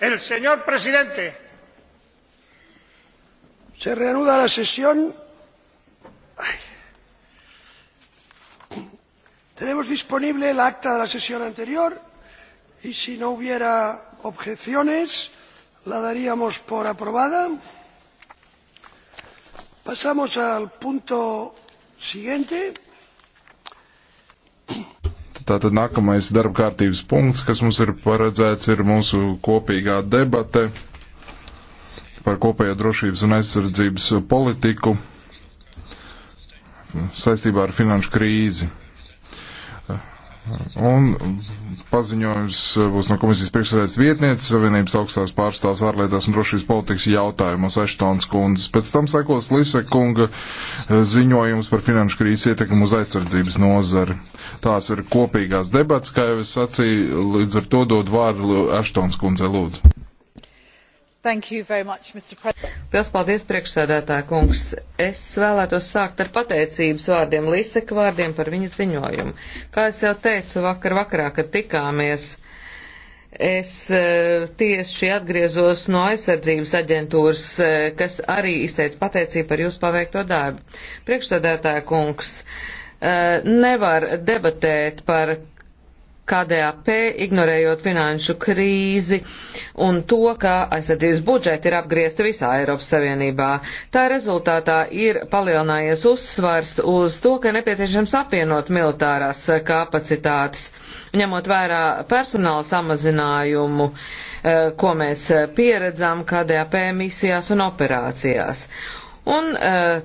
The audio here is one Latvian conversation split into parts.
El señor presidente. Se reanuda la sesión. Ay. Tenemos disponible el acta de la sesión anterior y si no hubiera objeciones la daríamos por aprobada. Pasamos al punto siguiente. Tātad nākamais darba kārtības punkts, kas mums ir paredzēts, ir mūsu kopīgā debate par kopējo drošības un aizsardzības politiku saistībā ar finanšu krīzi. Un paziņojums būs no komisijas priekšsēdētājas vietnieces Savienības augstās pārstāvs ārlietās un drošības politikas jautājumos Eštons kundzes. Pēc tam sekos Lise kunga eh, ziņojums par finanšu krīzes ietekmu uz aizsardzības nozari. Tās ir kopīgās debats, kā jau es sacīju, līdz ar to dod vārdu Eštons kundzei lūdzu. Lielas paldies, priekšsēdētāja kungs. Es vēlētos sākt ar pateicības vārdiem Liseka vārdiem par viņa ziņojumu. Kā es jau teicu vakar vakarā, kad tikāmies, es e, tieši atgriezos no aizsardzības aģentūras, e, kas arī izteica pateicību par jūsu paveikto darbu. Priekšsēdētāja kungs e, nevar debatēt par KDAP, ignorējot finanšu krīzi un to, ka aizsardzības budžeti ir apgriezti visā Eiropas Savienībā. Tā rezultātā ir palielinājies uzsvars uz to, ka nepieciešams apvienot militārās kapacitātes, ņemot vērā personāla samazinājumu, eh, ko mēs pieredzam KDAP misijās un operācijās. Un, uh,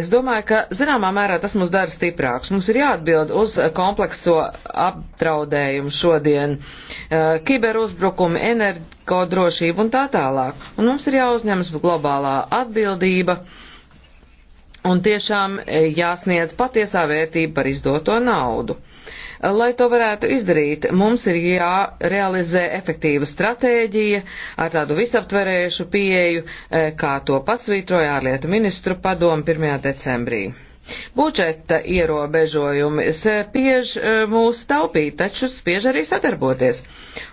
Es domāju, ka zināmā mērā tas mūs dara stiprāks. Mums ir jāatbild uz eh, komplekso apdraudējumu šodien, eh, kiberuzbrukumi, energodrošība un tā tālāk. Un mums ir jāuzņemas globālā atbildība un tiešām eh, jāsniedz patiesā vērtība par izdoto naudu. Lai to varētu izdarīt, mums ir jārealizē efektīva stratēģija ar tādu visaptverējušu pieeju, eh, kā to pasvītroja ārlietu ministru padomu 1. decembrī. Budžeta ierobežojumi spiež eh, mūs taupīt, taču spiež arī sadarboties.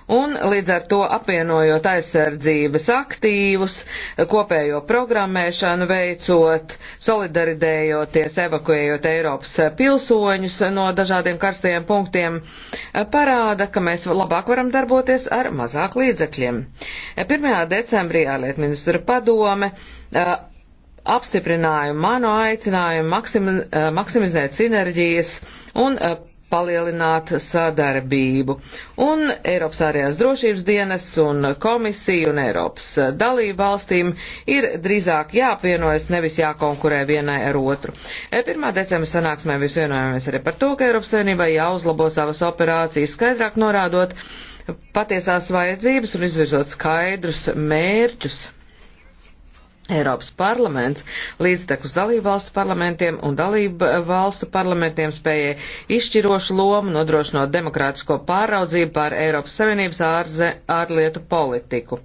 Un līdz ar to apvienojot aizsardzības aktīvus, kopējo programmēšanu veicot, solidaridējoties, evakuējot Eiropas pilsoņus no dažādiem karstajiem punktiem, eh, parāda, ka mēs labāk varam darboties ar mazāk līdzekļiem. 1. Eh, decembrī ārlietministra padome apstiprināja manu aicinājumu maksim, eh, maksimizēt sinerģijas un eh, palielināt sadarbību. Un Eiropas ārējās drošības dienas un komisija un Eiropas eh, dalību valstīm ir drīzāk jāapvienojas, nevis jākonkurē vienai ar otru. 1. E, decembra sanāksmē mēs vienojamies arī par to, ka Eiropas Savienībai jāuzlabo savas operācijas, skaidrāk norādot patiesās vajadzības un izvirzot skaidrus mērķus Eiropas parlaments līdztekus dalību valstu parlamentiem un dalību eh, valstu parlamentiem spēja izšķirošu lomu nodrošinot demokrātisko pāraudzību pār Eiropas Savienības ārze, ārlietu politiku.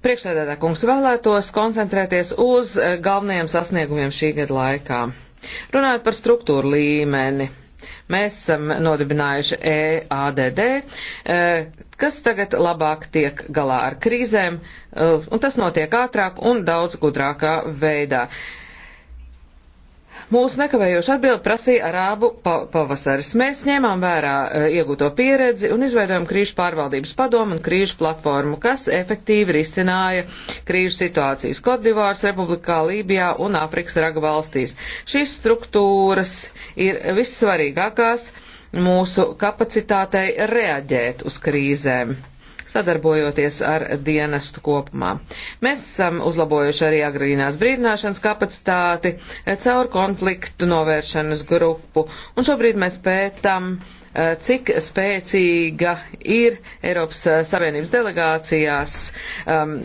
Priekšsēdētā kungs vēlētos koncentrēties uz eh, galvenajiem sasniegumiem šī gada laikā. Runājot par struktūru līmeni. Mēs esam nodibinājuši EADD, eh, kas tagad labāk tiek galā ar krīzēm, eh, un tas notiek ātrāk un daudz gudrākā veidā. Mūsu nekavējoši atbild prasīja arābu pa pavasaris. Mēs ņēmām vērā e, iegūto pieredzi un izveidojam krīžu pārvaldības padomu un krīžu platformu, kas efektīvi risināja krīžu situācijas Kodivārs, Republikā, Lībijā un Āfrikas raga valstīs. Šīs struktūras ir vissvarīgākās mūsu kapacitātei reaģēt uz krīzēm sadarbojoties ar dienestu kopumā. Mēs esam uzlabojuši arī agrīnās brīdināšanas kapacitāti eh, caur konfliktu novēršanas grupu, un šobrīd mēs pētam, eh, cik spēcīga ir Eiropas eh, Savienības delegācijās um,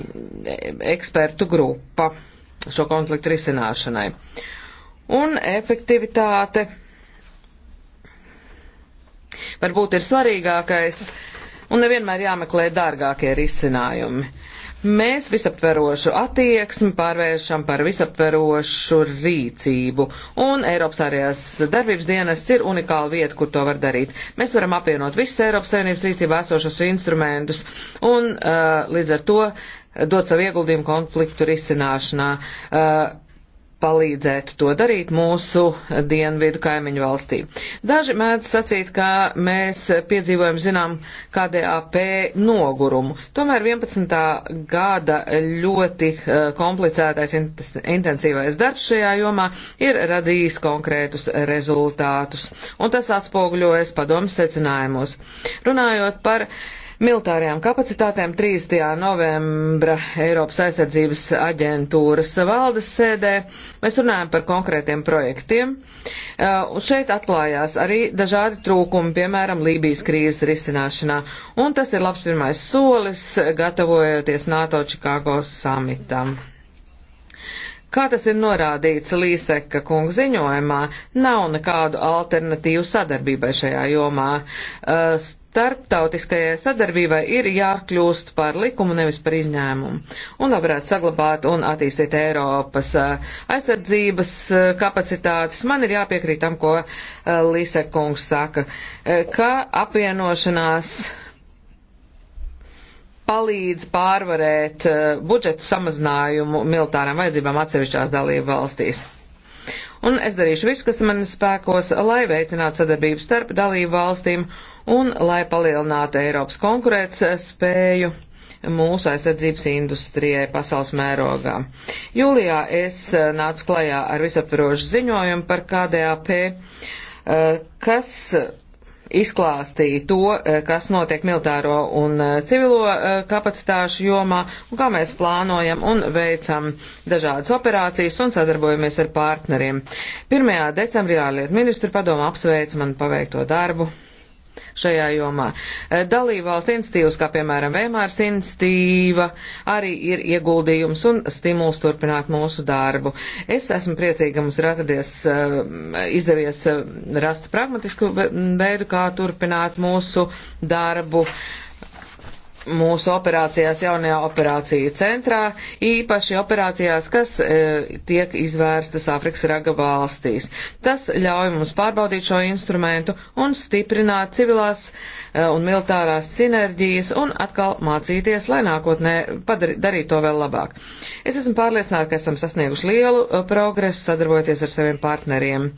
ekspertu grupa šo konfliktu risināšanai. Un efektivitāte varbūt ir svarīgākais uh, un nevienmēr jāmeklē dārgākie risinājumi. Mēs visaptverošu attieksmi pārvēršam par visaptverošu rīcību, un Eiropas ārējās darbības dienas ir unikāla vieta, kur to var darīt. Mēs varam apvienot visus Eiropas savienības rīcībā esošos instrumentus, un uh, līdz ar to dot savu ieguldījumu konfliktu risināšanā. Uh, palīdzētu to darīt mūsu dienvidu kaimiņu valstī. Daži mēdz sacīt, ka mēs piedzīvojam, zinām, KDAP nogurumu. Tomēr 11. gada ļoti eh, komplicētais intensīvais darbs šajā jomā ir radījis konkrētus rezultātus, un tas atspoguļojas padomas secinājumos. Runājot par militārajām kapacitātēm 30. novembra Eiropas aizsardzības aģentūras valdes sēdē. Mēs runājam par konkrētiem projektiem. Uh, šeit atklājās arī dažādi trūkumi, piemēram, Lībijas krīzes risināšanā. Un tas ir labs pirmais solis, gatavojoties NATO Čikāgos samitam. Kā tas ir norādīts Līseka kungu ziņojumā, nav nekādu alternatīvu sadarbībai šajā jomā. Uh, starptautiskajai sadarbībai ir jākļūst par likumu, nevis par izņēmumu, un lai varētu saglabāt un attīstīt Eiropas uh, aizsardzības uh, kapacitātes, man ir jāpiekrīt tam, ko uh, Lise kungs saka, ka apvienošanās palīdz pārvarēt budžeta samazinājumu militārām vajadzībām atsevišķās dalību valstīs un es darīšu visu, kas manas spēkos, lai veicinātu sadarbību starp dalību valstīm un lai palielinātu Eiropas konkurētas spēju mūsu aizsardzības industrijai pasaules mērogā. Jūlijā es eh, nācu klajā ar visaptvarošu ziņojumu par KDAP, eh, kas izklāstīja to, eh, kas notiek militāro un eh, civilo eh, kapacitāšu jomā un kā mēs plānojam un veicam dažādas operācijas un sadarbojamies ar partneriem. 1. decembrī ārlietu ministri padomu apsveic man paveikto darbu šajā jomā. Eh, dalībvalstu institīvas, kā piemēram Vēmārs institīva, arī ir ieguldījums un stimuls turpināt mūsu darbu. Es esmu priecīga, ka mums ir atradies, eh, izdevies eh, rast pragmatisku veidu, kā turpināt mūsu darbu. Uh, mūsu operācijās jaunajā operāciju centrā, īpaši operācijās, kas e, tiek izvērstas Āfrikas raga valstīs. Tas ļauj mums pārbaudīt šo instrumentu un stiprināt civilās e, un militārās sinerģijas un atkal mācīties, lai nākotnē padarītu to vēl labāk. Es esmu pārliecināta, ka esam sasnieguši lielu e, progresu sadarbojoties ar saviem partneriem.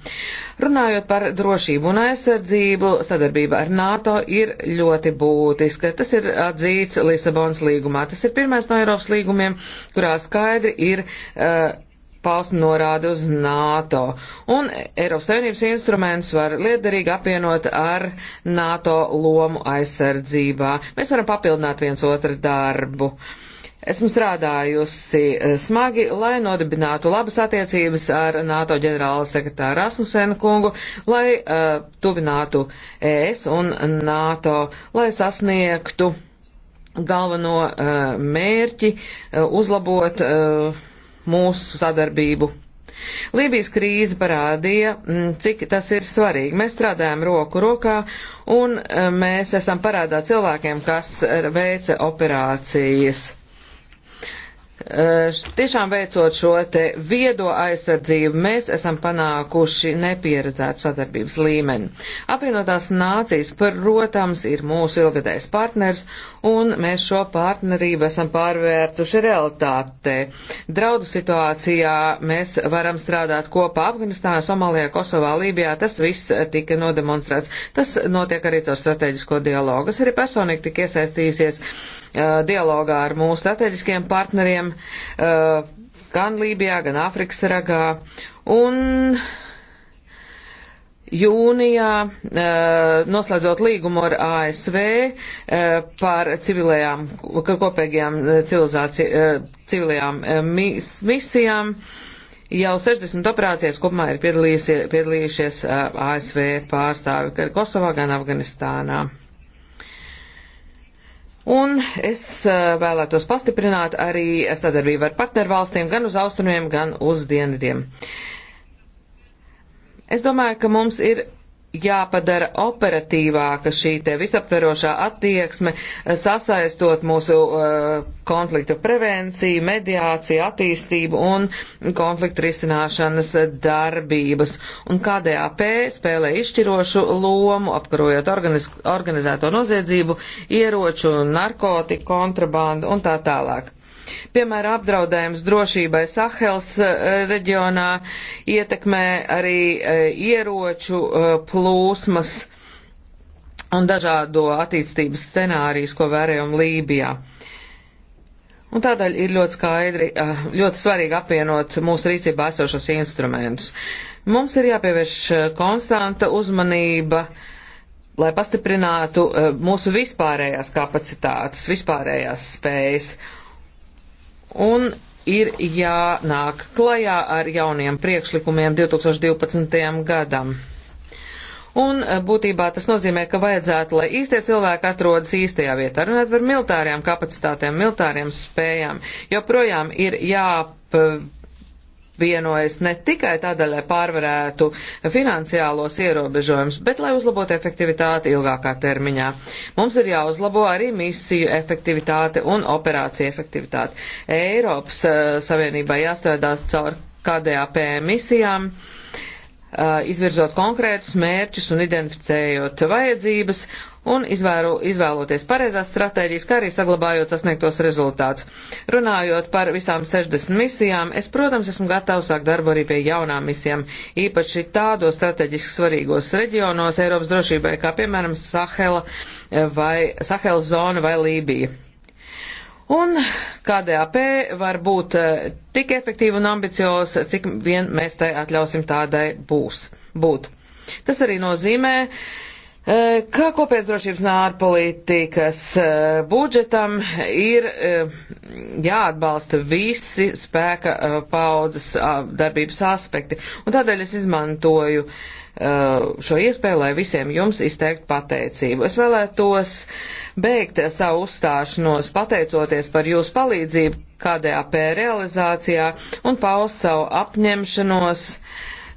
Runājot par drošību un aizsardzību, sadarbība ar NATO ir ļoti būtiska. Tas ir atzīme ierakstīts Lisabonas līgumā. Tas ir pirmais no Eiropas līgumiem, kurā skaidri ir uh, paust norāda uz NATO. Un Eiropas Savienības instruments var liederīgi apvienot ar NATO lomu aizsardzībā. Mēs varam papildināt viens otru darbu. Esmu strādājusi eh, smagi, lai nodibinātu labas attiecības ar NATO ģenerāla sekretāru Rasmusenu kungu, lai uh, tuvinātu ES un NATO, lai sasniegtu uh, galveno uh, mērķi uh, uzlabot uh, mūsu sadarbību. Lībijas krīze parādīja, mm, cik tas ir svarīgi. Mēs strādājam roku rokā un mēs esam parādā cilvēkiem, kas veica operācijas. Tiešām veicot šo te viedo aizsardzību, mēs esam panākuši nepieredzētu sadarbības līmeni. Apvienotās nācijas, protams, ir mūsu ilgadējs partners un mēs šo partnerību esam pārvērtuši realitātē. Draudu situācijā mēs varam strādāt kopā Afganistānā, Somālijā, Kosovā, Lībijā. Tas viss tika nodemonstrēts. Tas notiek arī caur strateģisko dialogu. Es arī personīgi tik iesaistījusies uh, dialogā ar mūsu strateģiskiem partneriem. Uh, gan Lībijā, gan Āfrikas ragā. Un jūnijā, eh, noslēdzot līgumu ar ASV eh, par civilējām, kopīgajām eh, civilējām misijām. Jau 60 operācijas kopumā ir piedalījušies ASV pārstāvi gan Kosovā, gan Afganistānā. Un es vēlētos pastiprināt arī sadarbību ar partnervalstīm gan uz austrumiem, gan uz dienvidiem. Uh, Es domāju, ka mums ir jāpadara operatīvāka šī te visaptverošā attieksme, eh, sasaistot mūsu uh, konfliktu prevenciju, mediāciju, attīstību un konfliktu risināšanas darbības. Un KDAP spēlē izšķirošu lomu, apkarojot organiz organizēto noziedzību, ieroču, narkotiku, kontrabandu un tā tālāk. Piemēram, apdraudējums drošībai Sahels eh, reģionā ietekmē arī eh, ieroču eh, plūsmas un dažādo attīstības scenārijus, ko vērējam Lībijā. Un tādēļ ir ļoti skaidri, ļoti svarīgi apvienot mūsu rīcībā esošos instrumentus. Mums ir jāpievērš konstanta uzmanība, lai pastiprinātu mūsu vispārējās kapacitātes, vispārējās spējas un ir jānāk klajā ar jauniem priekšlikumiem 2012. gadam. Un eh, būtībā tas nozīmē, ka vajadzētu, lai īstie cilvēki atrodas īstajā vietā. Runāt par militārajām kapacitātēm, militāriem spējām, jo projām ir jāp vienojas ne tikai tādēļ, lai pārvarētu finansiālos ierobežojumus, bet lai uzlabotu efektivitāti ilgākā termiņā. Mums ir jāuzlabo arī misiju efektivitāte un operācija efektivitāte. Eiropas eh, Savienībā jāstrādās caur KDAP misijām. Uh, izvirzot konkrētus mērķus un identificējot vajadzības un izvēru, izvēloties pareizās stratēģijas, kā arī saglabājot sasniegtos rezultātus. Runājot par visām 60 misijām, es, protams, esmu gatavs sākt darbu arī pie jaunām misijām, īpaši tādos strateģiski svarīgos reģionos Eiropas drošībai, kā piemēram Sahela eh, vai Sahela zona vai Lībija. Un KDAP var būt eh, tik efektīva un ambicioza, cik vien mēs tai atļausim tādai būs, būt. Tas arī nozīmē, uh, Eh, kā kopējas drošības un ārpolitikas eh, budžetam ir eh, jāatbalsta visi spēka paudzes darbības aspekti. Un tādēļ es izmantoju šo iespēju, lai visiem jums izteikt pateicību. Es vēlētos beigt savu uzstāšanos pateicoties par jūsu palīdzību KDAP realizācijā un paust savu apņemšanos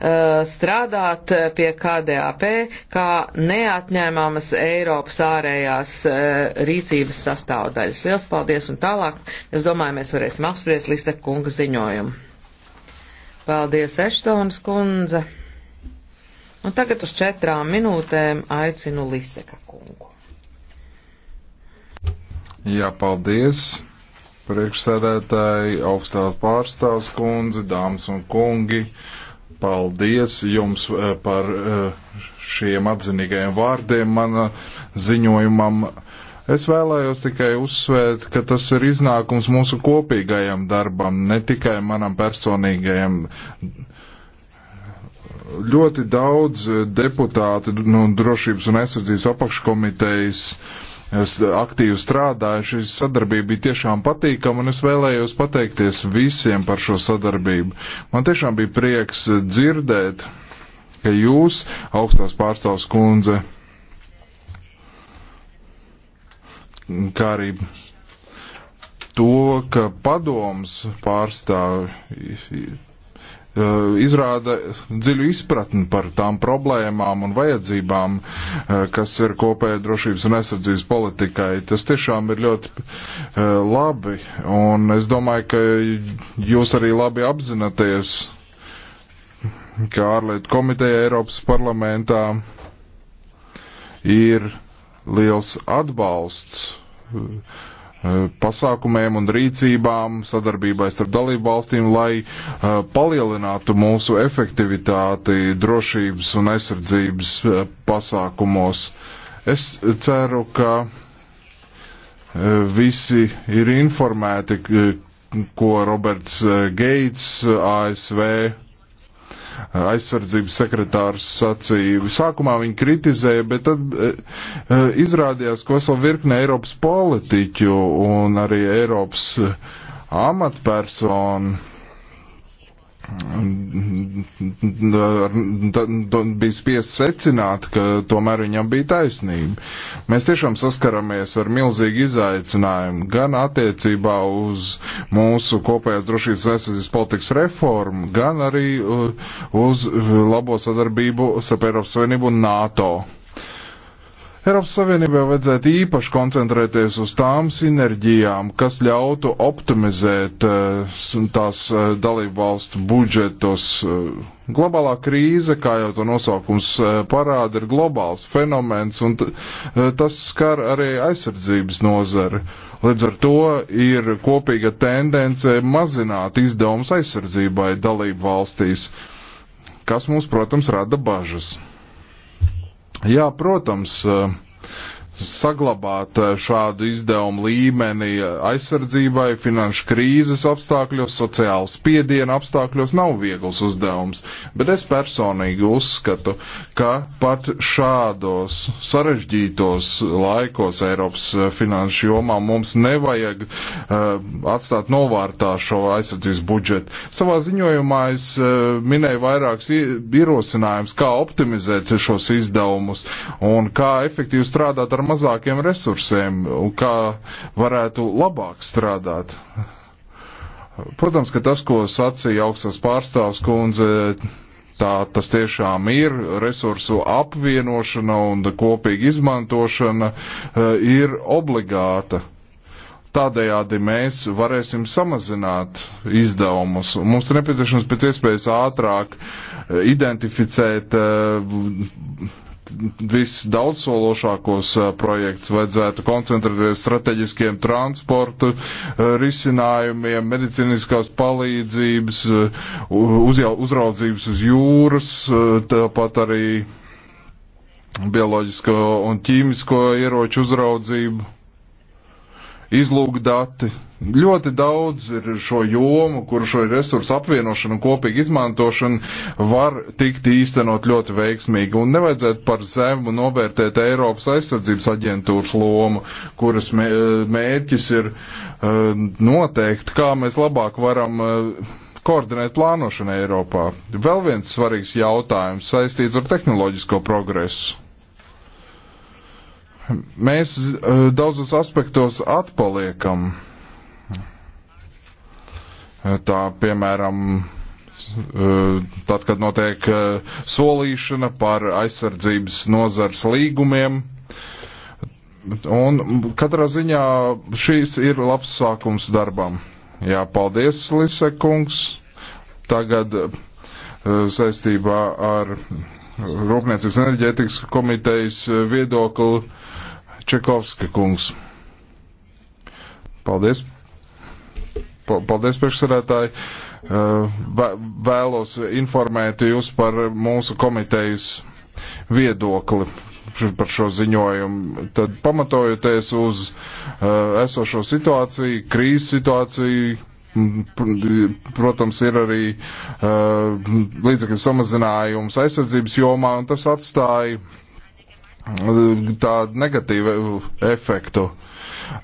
Eh, strādāt pie KDAP kā neatņēmamas Eiropas ārējās eh, rīcības sastāvdaļas. Liels paldies un tālāk. Es domāju, mēs varēsim apspriest Lista kunga ziņojumu. Paldies, Eštonas kundze. Un tagad uz četrām minūtēm aicinu Liseka kungu. Jā, paldies. Priekšsēdētāji, augstās pārstāvs kundze, dāmas un kungi. Uh, Paldies jums eh, par eh, šiem atzinīgajiem vārdiem mana eh, ziņojumam. Es vēlējos tikai uzsvērt, ka tas ir iznākums mūsu kopīgajam darbam, ne tikai manam personīgajam. Ļoti daudz deputāti no nu, Drošības un aizsardzības apakškomitejas uh, aktīvi strādājuši. Sadarbība bija tiešām patīkama, un es vēlējos pateikties visiem par šo sadarbību. Man tiešām bija prieks dzirdēt, ka jūs, augstās pārstāvs kundze, kā arī to, ka padoms pārstāvi Eh, izrāda dziļu izpratni par tām problēmām un vajadzībām, eh, kas ir kopēja drošības un aizsardzības politikai. Tas tiešām ir ļoti eh, labi, un es domāju, ka jūs arī labi apzināties, ka ārlietu komiteja Eiropas parlamentā ir liels atbalsts Eh, pasākumiem un rīcībām, sadarbībai starp dalību valstīm, lai uh, palielinātu mūsu efektivitāti drošības un aizsardzības uh, pasākumos. Es ceru, ka uh, visi ir informēti, ko Roberts Geits, ASV aizsardzības sekretārs sacīja. Sākumā viņi kritizēja, bet tad e, e izrādījās, ka vesela virkne Eiropas politiķu un arī Eiropas e, amatpersonu bija spiest secināt, ka tomēr viņam bija taisnība. Mēs tiešām saskaramies ar milzīgu izaicinājumu gan attiecībā uz mūsu kopējās drošības aizsardzības politikas reformu, gan arī uh, uz labo sadarbību starp Eiropas Savienību un NATO. Eiropas Savienībai vajadzētu īpaši koncentrēties uz tām sinerģijām, kas ļautu optimizēt eh, tās eh, dalību valstu budžetos. Eh, globālā krīze, kā jau to nosaukums parāda, ir globāls fenomens, un tas skar arī aizsardzības nozari. Līdz ar to ir kopīga tendence mazināt izdevumus aizsardzībai dalību valstīs, kas mums, protams, rada bažas. Jā, protams, saglabāt eh, šādu izdevumu līmeni eh, aizsardzībai finanšu krīzes apstākļos, sociāla spiediena apstākļos nav viegls uzdevums. Bet es personīgi uzskatu, ka pat šādos sarežģītos laikos Eiropas eh, finanšu jomā mums nevajag uh, atstāt novārtā šo aizsardzības budžetu. Savā ziņojumā es uh, minēju vairākus ierosinājumus, kā optimizēt šos izdevumus un kā efektīvi strādāt ar mazākiem resursiem un kā varētu labāk strādāt. Protams, ka tas, ko sacīja augstās pārstāvs kundze, tā tas tiešām ir, resursu apvienošana un kopīga izmantošana e, ir obligāta. Tādējādi mēs varēsim samazināt izdevumus. Mums ir nepieciešams pēc iespējas ātrāk e, identificēt e, visdaudzsološākos eh, projekts. Vajadzētu koncentrēties strateģiskiem transportu eh, risinājumiem, medicīniskās palīdzības, eh, uzraudzības uz jūras, tāpat arī bioloģisko un ķīmisko ieroču uzraudzību izlūkdati. Ļoti daudz ir šo jomu, kur šo resursu apvienošanu un kopīgu izmantošanu var tikt īstenot ļoti veiksmīgi. Un nevajadzētu par zemu novērtēt Eiropas aizsardzības aģentūras lomu, kuras mērķis ir e, noteikt, kā mēs labāk varam e, koordinēt plānošanu Eiropā. Vēl viens svarīgs jautājums saistīts ar tehnoloģisko progresu. Mēs eh, daudzos aspektos atpaliekam. Eh, tā piemēram, eh, tad, kad notiek solīšana par aizsardzības nozars līgumiem. Un katrā ziņā šīs ir labs sākums darbam. Jā, paldies, Lise kungs. Tagad saistībā ar Rūpniecības enerģētikas komitejas viedokli Čekovska kungs. Paldies. Paldies, priekšsarētāji. Eh, vēlos informēt jūs par mūsu komitejas viedokli par šo ziņojumu. Tad pamatojoties uz eh, esošo situāciju, krīzes situāciju, protams, ir arī eh, līdzekļu samazinājums aizsardzības jomā, un tas atstāja tādu negatīvu efektu.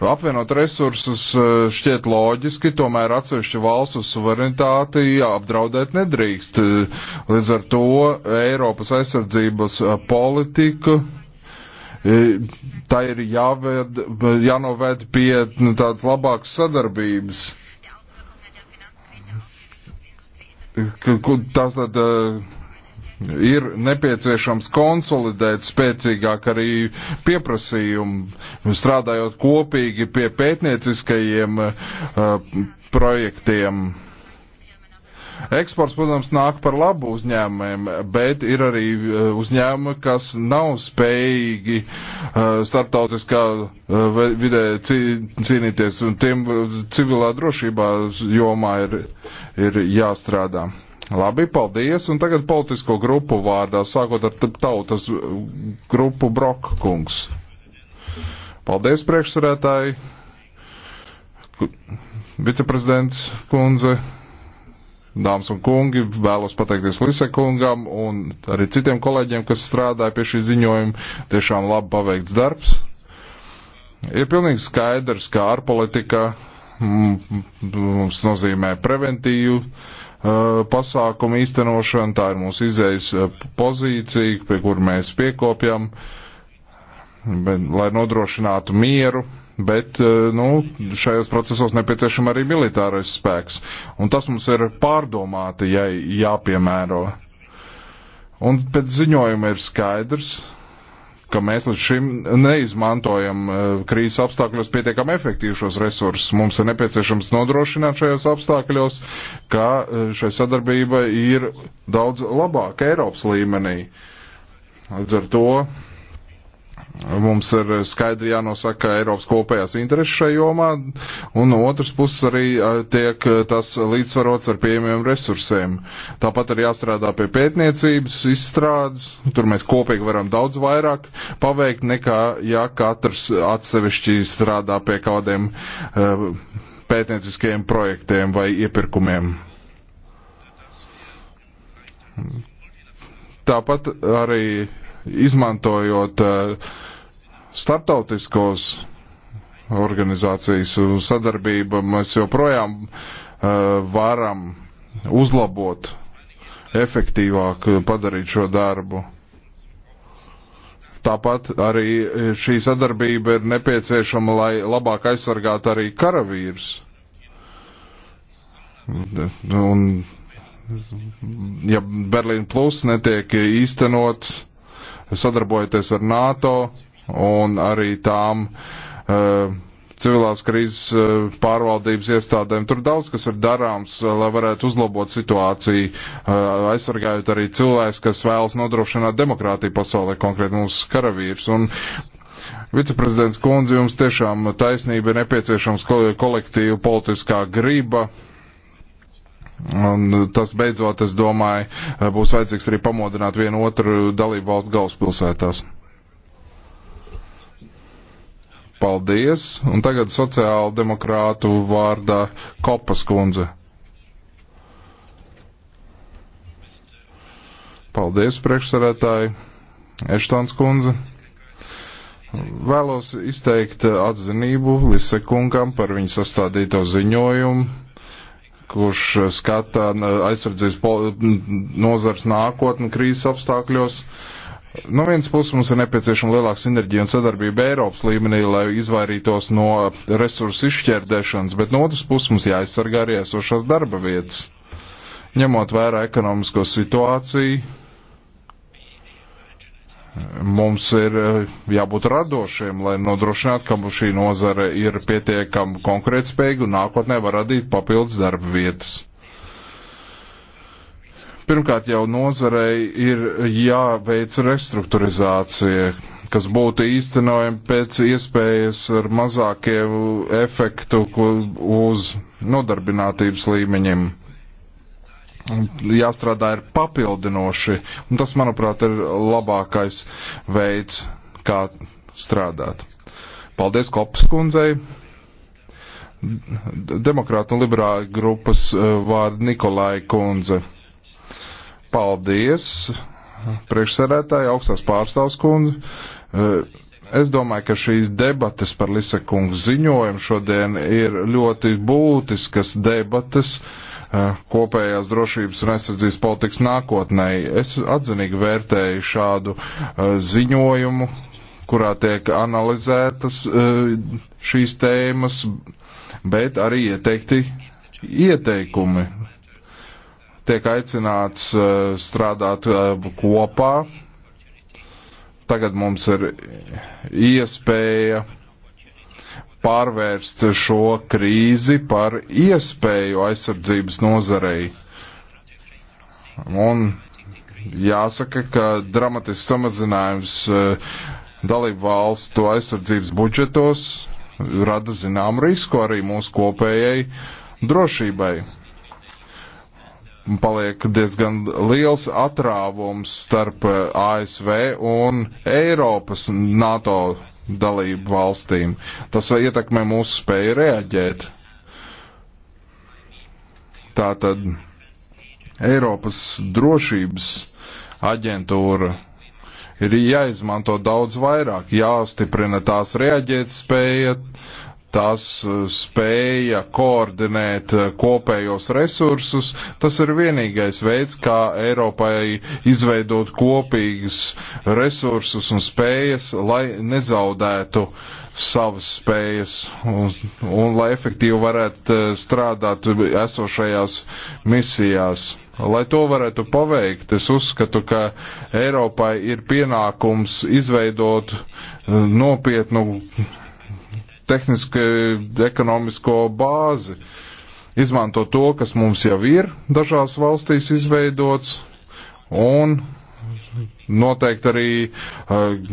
Apvienot resursus e, šķiet loģiski, tomēr atsevišķu valstu suverenitāti apdraudēt nedrīkst. Līdz ar to Eiropas aizsardzības politiku. E, tā ir jāved, jānovērt pie nu, tādas labākas sadarbības. Tas tad uh, ir nepieciešams konsolidēt spēcīgāk arī pieprasījumu, strādājot kopīgi pie pētnieciskajiem uh, projektiem. Eksports, protams, nāk par labu uzņēmumiem, bet ir arī uh, uzņēmumi, kas nav spējīgi uh, starptautiskā uh, vidē cīnīties, un tiem uh, civilā drošībā jomā ir, ir jāstrādā. Labi, paldies. Un tagad politisko grupu vārdā, sākot ar tautas uh, grupu Brokkungs. Paldies, priekšsarētāji, viceprezidents kundze, dāmas un kungi. Vēlos pateikties Lise kungam un arī citiem kolēģiem, kas strādāja pie šī ziņojuma. Tiešām labi paveikts darbs. Ir pilnīgi skaidrs, ka ārpolitika mm, mums nozīmē preventīvu Uh, pasākumu īstenošanu, tā ir mūsu izējas uh, pozīcija, pie kur mēs piekopjam, bet, lai nodrošinātu mieru, bet uh, nu, šajos procesos nepieciešama arī militārais spēks. Un tas mums ir pārdomāti, ja jāpiemēro. Un pēc ziņojuma ir skaidrs, ka mēs līdz šim neizmantojam e, krīzes apstākļos pietiekami efektīvi šos resursus. Mums ir nepieciešams nodrošināt šajos apstākļos, ka e, šai sadarbība ir daudz labāka Eiropas līmenī. Līdz ar to Mums ir skaidri jānosaka Eiropas kopējās intereses šajā jomā, un no otras puses arī tiek tas līdzsvarots ar pieejamiem resursiem. Tāpat ir jāstrādā pie pētniecības, izstrādes, tur mēs kopīgi varam daudz vairāk paveikt, nekā ja katrs atsevišķi strādā pie kādiem uh, pētnieciskajiem projektiem vai iepirkumiem. Tāpat arī izmantojot eh, starptautiskos organizācijas sadarbību, mēs joprojām eh, varam uzlabot, efektīvāk padarīt šo darbu. Tāpat arī šī sadarbība ir nepieciešama, lai labāk aizsargātu arī karavīrus. Un, ja Berlīna plus netiek īstenots, sadarbojoties ar NATO un arī tām uh, civilās krīzes uh, pārvaldības iestādēm. Tur daudz kas ir darāms, eh, lai varētu uzlabot situāciju, uh, aizsargājot arī cilvēks, kas vēlas nodrošināt demokrātiju pasaulē, konkrēti mūsu karavīrs. Un viceprezidents Kundze, jums tiešām taisnība ir nepieciešams kolektīva politiskā griba Un tas beidzot, es domāju, būs vajadzīgs arī pamodināt vienu otru dalību valstu galvaspilsētās. Paldies! Un tagad sociāla demokrātu vārdā Kopas kundze. Paldies, priekšsarētāji! Eštons kundze! Vēlos izteikt atzinību Lisekungam par viņa sastādīto ziņojumu kurš skata aizsardzības nozars nākotni krīzes apstākļos. No vienas puses mums ir nepieciešama lielāka sinerģija un sadarbība Eiropas līmenī, lai izvairītos no resursu izšķērdēšanas, bet no otras puses mums jāaizsargā arī esošās darba vietas. Ņemot vērā ekonomisko situāciju, Mums ir eh, jābūt radošiem, lai nodrošinātu, ka šī nozara ir pietiekami konkurētspējīga un nākotnē var radīt papildus darba vietas. Pirmkārt, jau nozarei ir jāveic restruktūrizācija, kas būtu īstenojama pēc iespējas ar mazākiem efektu uz nodarbinātības līmeņiem jāstrādā ir papildinoši, un tas, manuprāt, ir labākais veids, kā strādāt. Paldies Kopas kundzei. Demokrāta un liberāla grupas eh, vārdu Nikolai kundze. Paldies, priekšsēdētāji, augstās pārstāvs kundze. Eh, es domāju, ka šīs debates par Lisakungu ziņojumu šodien ir ļoti būtiskas debates, uh, kopējās drošības un aizsardzības politikas nākotnē. Es atzinīgi vērtēju šādu ziņojumu, kurā tiek analizētas šīs tēmas, bet arī ieteikti ieteikumi. Tiek aicināts strādāt kopā. Tagad mums ir iespēja pārvērst šo krīzi par iespēju aizsardzības nozarei. Un jāsaka, ka dramatisks samazinājums eh, dalību valstu aizsardzības budžetos rada zinām risku arī mūsu kopējai drošībai. Paliek diezgan liels atrāvums starp eh, ASV un Eiropas NATO dalību valstīm. Tas ietekmē mūsu spēju reaģēt. Tātad Eiropas drošības aģentūra ir jāizmanto daudz vairāk, jāstiprina tās reaģēt spēja, tās eh, spēja koordinēt eh, kopējos resursus. Tas ir vienīgais veids, kā Eiropai izveidot kopīgus resursus un spējas, lai nezaudētu savas spējas un, un lai efektīvi varētu eh, strādāt esošajās misijās. Lai to varētu paveikt, es uzskatu, ka Eiropai ir pienākums izveidot nopietnu tehnisko, ekonomisko bāzi, izmanto to, kas mums jau ir dažās valstīs izveidots, un noteikti arī eh,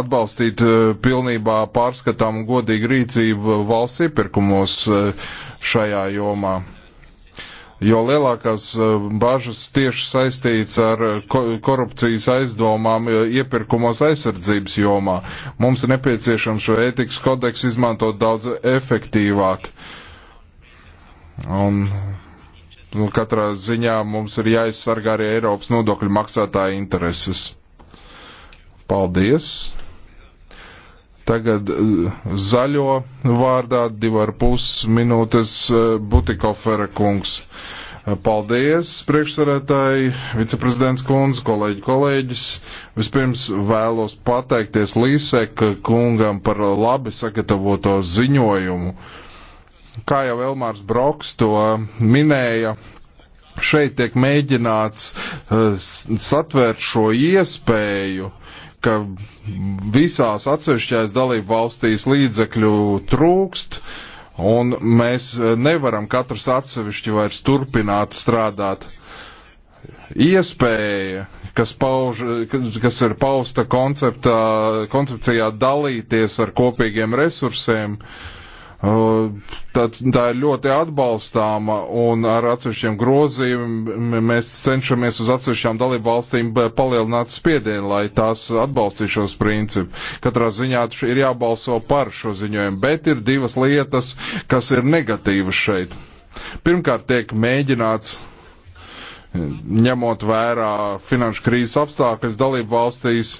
atbalstīt eh, pilnībā pārskatām godīgu rīcību valsts iepirkumos eh, šajā jomā jo lielākās e, bažas tieši saistīts ar e, korupcijas aizdomām e, iepirkumos aizsardzības jomā. Mums ir nepieciešams šo ētikas kodeksu izmantot daudz efektīvāk. Un nu, katrā ziņā mums ir jāizsargā arī Eiropas nodokļu maksātāja intereses. Paldies! Tagad uh, zaļo vārdā divi ar pus minūtes uh, Butikofera kungs. Uh, paldies, priekšsarētāji, viceprezidents kundze, kolēģi, kolēģis. Vispirms vēlos pateikties Līseka kungam par labi sagatavoto ziņojumu. Kā jau Elmārs Broks to minēja, šeit tiek mēģināts uh, satvērt šo iespēju uh, ka visās atsevišķās dalību valstīs līdzekļu trūkst, un mēs eh, nevaram katrs atsevišķi vairs turpināt strādāt. Iespēja, kas, pauž, kas ir pausta konceptā, koncepcijā dalīties ar kopīgiem resursiem, uh, Uh, tā, tā ir ļoti atbalstāma un ar atsevišķiem grozījumiem mēs cenšamies uz atsevišķām dalību valstīm palielināt spiedienu, lai tās atbalstītu šos principus. Katrā ziņā ir jābalso par šo ziņojumu, bet ir divas lietas, kas ir negatīvas šeit. Pirmkārt, tiek mēģināts eh, ņemot vērā finanšu krīzes apstākļus dalību valstīs,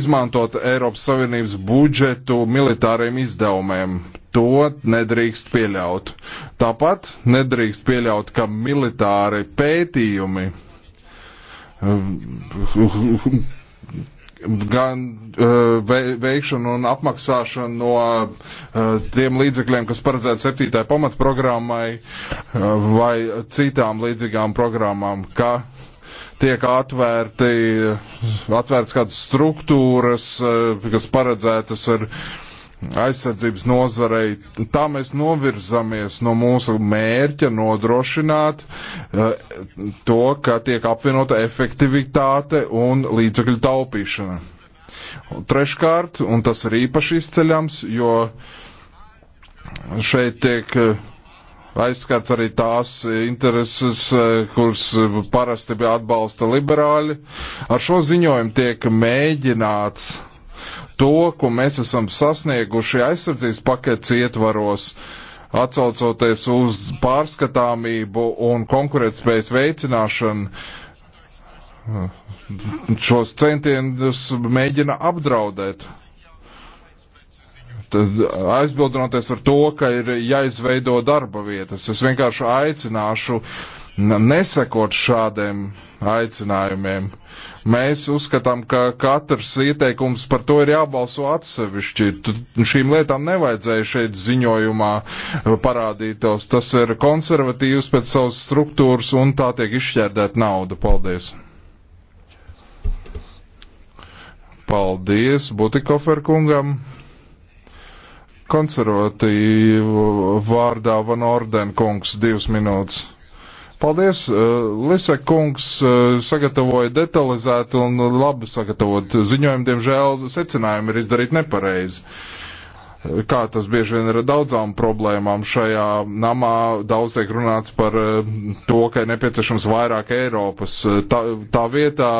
izmantot Eiropas Savienības budžetu militāriem izdevumiem. To nedrīkst pieļaut. Tāpat nedrīkst pieļaut, ka militāri pētījumi um, gan uh, veikšanu un apmaksāšanu no uh, tiem līdzekļiem, kas paredzēti septītai pamatprogrammai uh, vai citām līdzīgām programmām, ka tiek atvērti, atvērts kādas struktūras, kas paredzētas ar aizsardzības nozarei. Tā mēs novirzamies no mūsu mērķa nodrošināt eh, to, ka tiek apvienota efektivitāte un līdzekļu taupīšana. Treškārt, un tas ir īpaši izceļams, jo šeit tiek eh, aizskats arī tās intereses, eh, kuras parasti atbalsta liberāļi. Ar šo ziņojumu tiek mēģināts uh, to, ko mēs esam sasnieguši aizsardzības paketes ietvaros, atcaucoties uz pārskatāmību un konkurētspējas veicināšanu, šos centienus mēģina apdraudēt. Tad aizbildinoties ar to, ka ir jāizveido darba vietas. Es vienkārši aicināšu nesekot šādiem aicinājumiem. Uh, Mēs uzskatām, ka katrs ieteikums par to ir jābalso atsevišķi. Šīm lietām nevajadzēja šeit ziņojumā parādītos. Tas ir konservatīvs pēc savas struktūras un tā tiek izšķērdēt nauda. Paldies! Paldies Butikofer kungam! konservatīvu vārdā Van Orden kungs divas minūtes. Paldies, uh, Lise kungs uh, sagatavoja detalizētu un labi sagatavot ziņojumu, diemžēl secinājumi ir izdarīti nepareizi. Kā tas bieži vien ir daudzām problēmām šajā namā, daudz tiek runāts par uh, to, ka ir nepieciešams vairāk Eiropas. Tā, tā vietā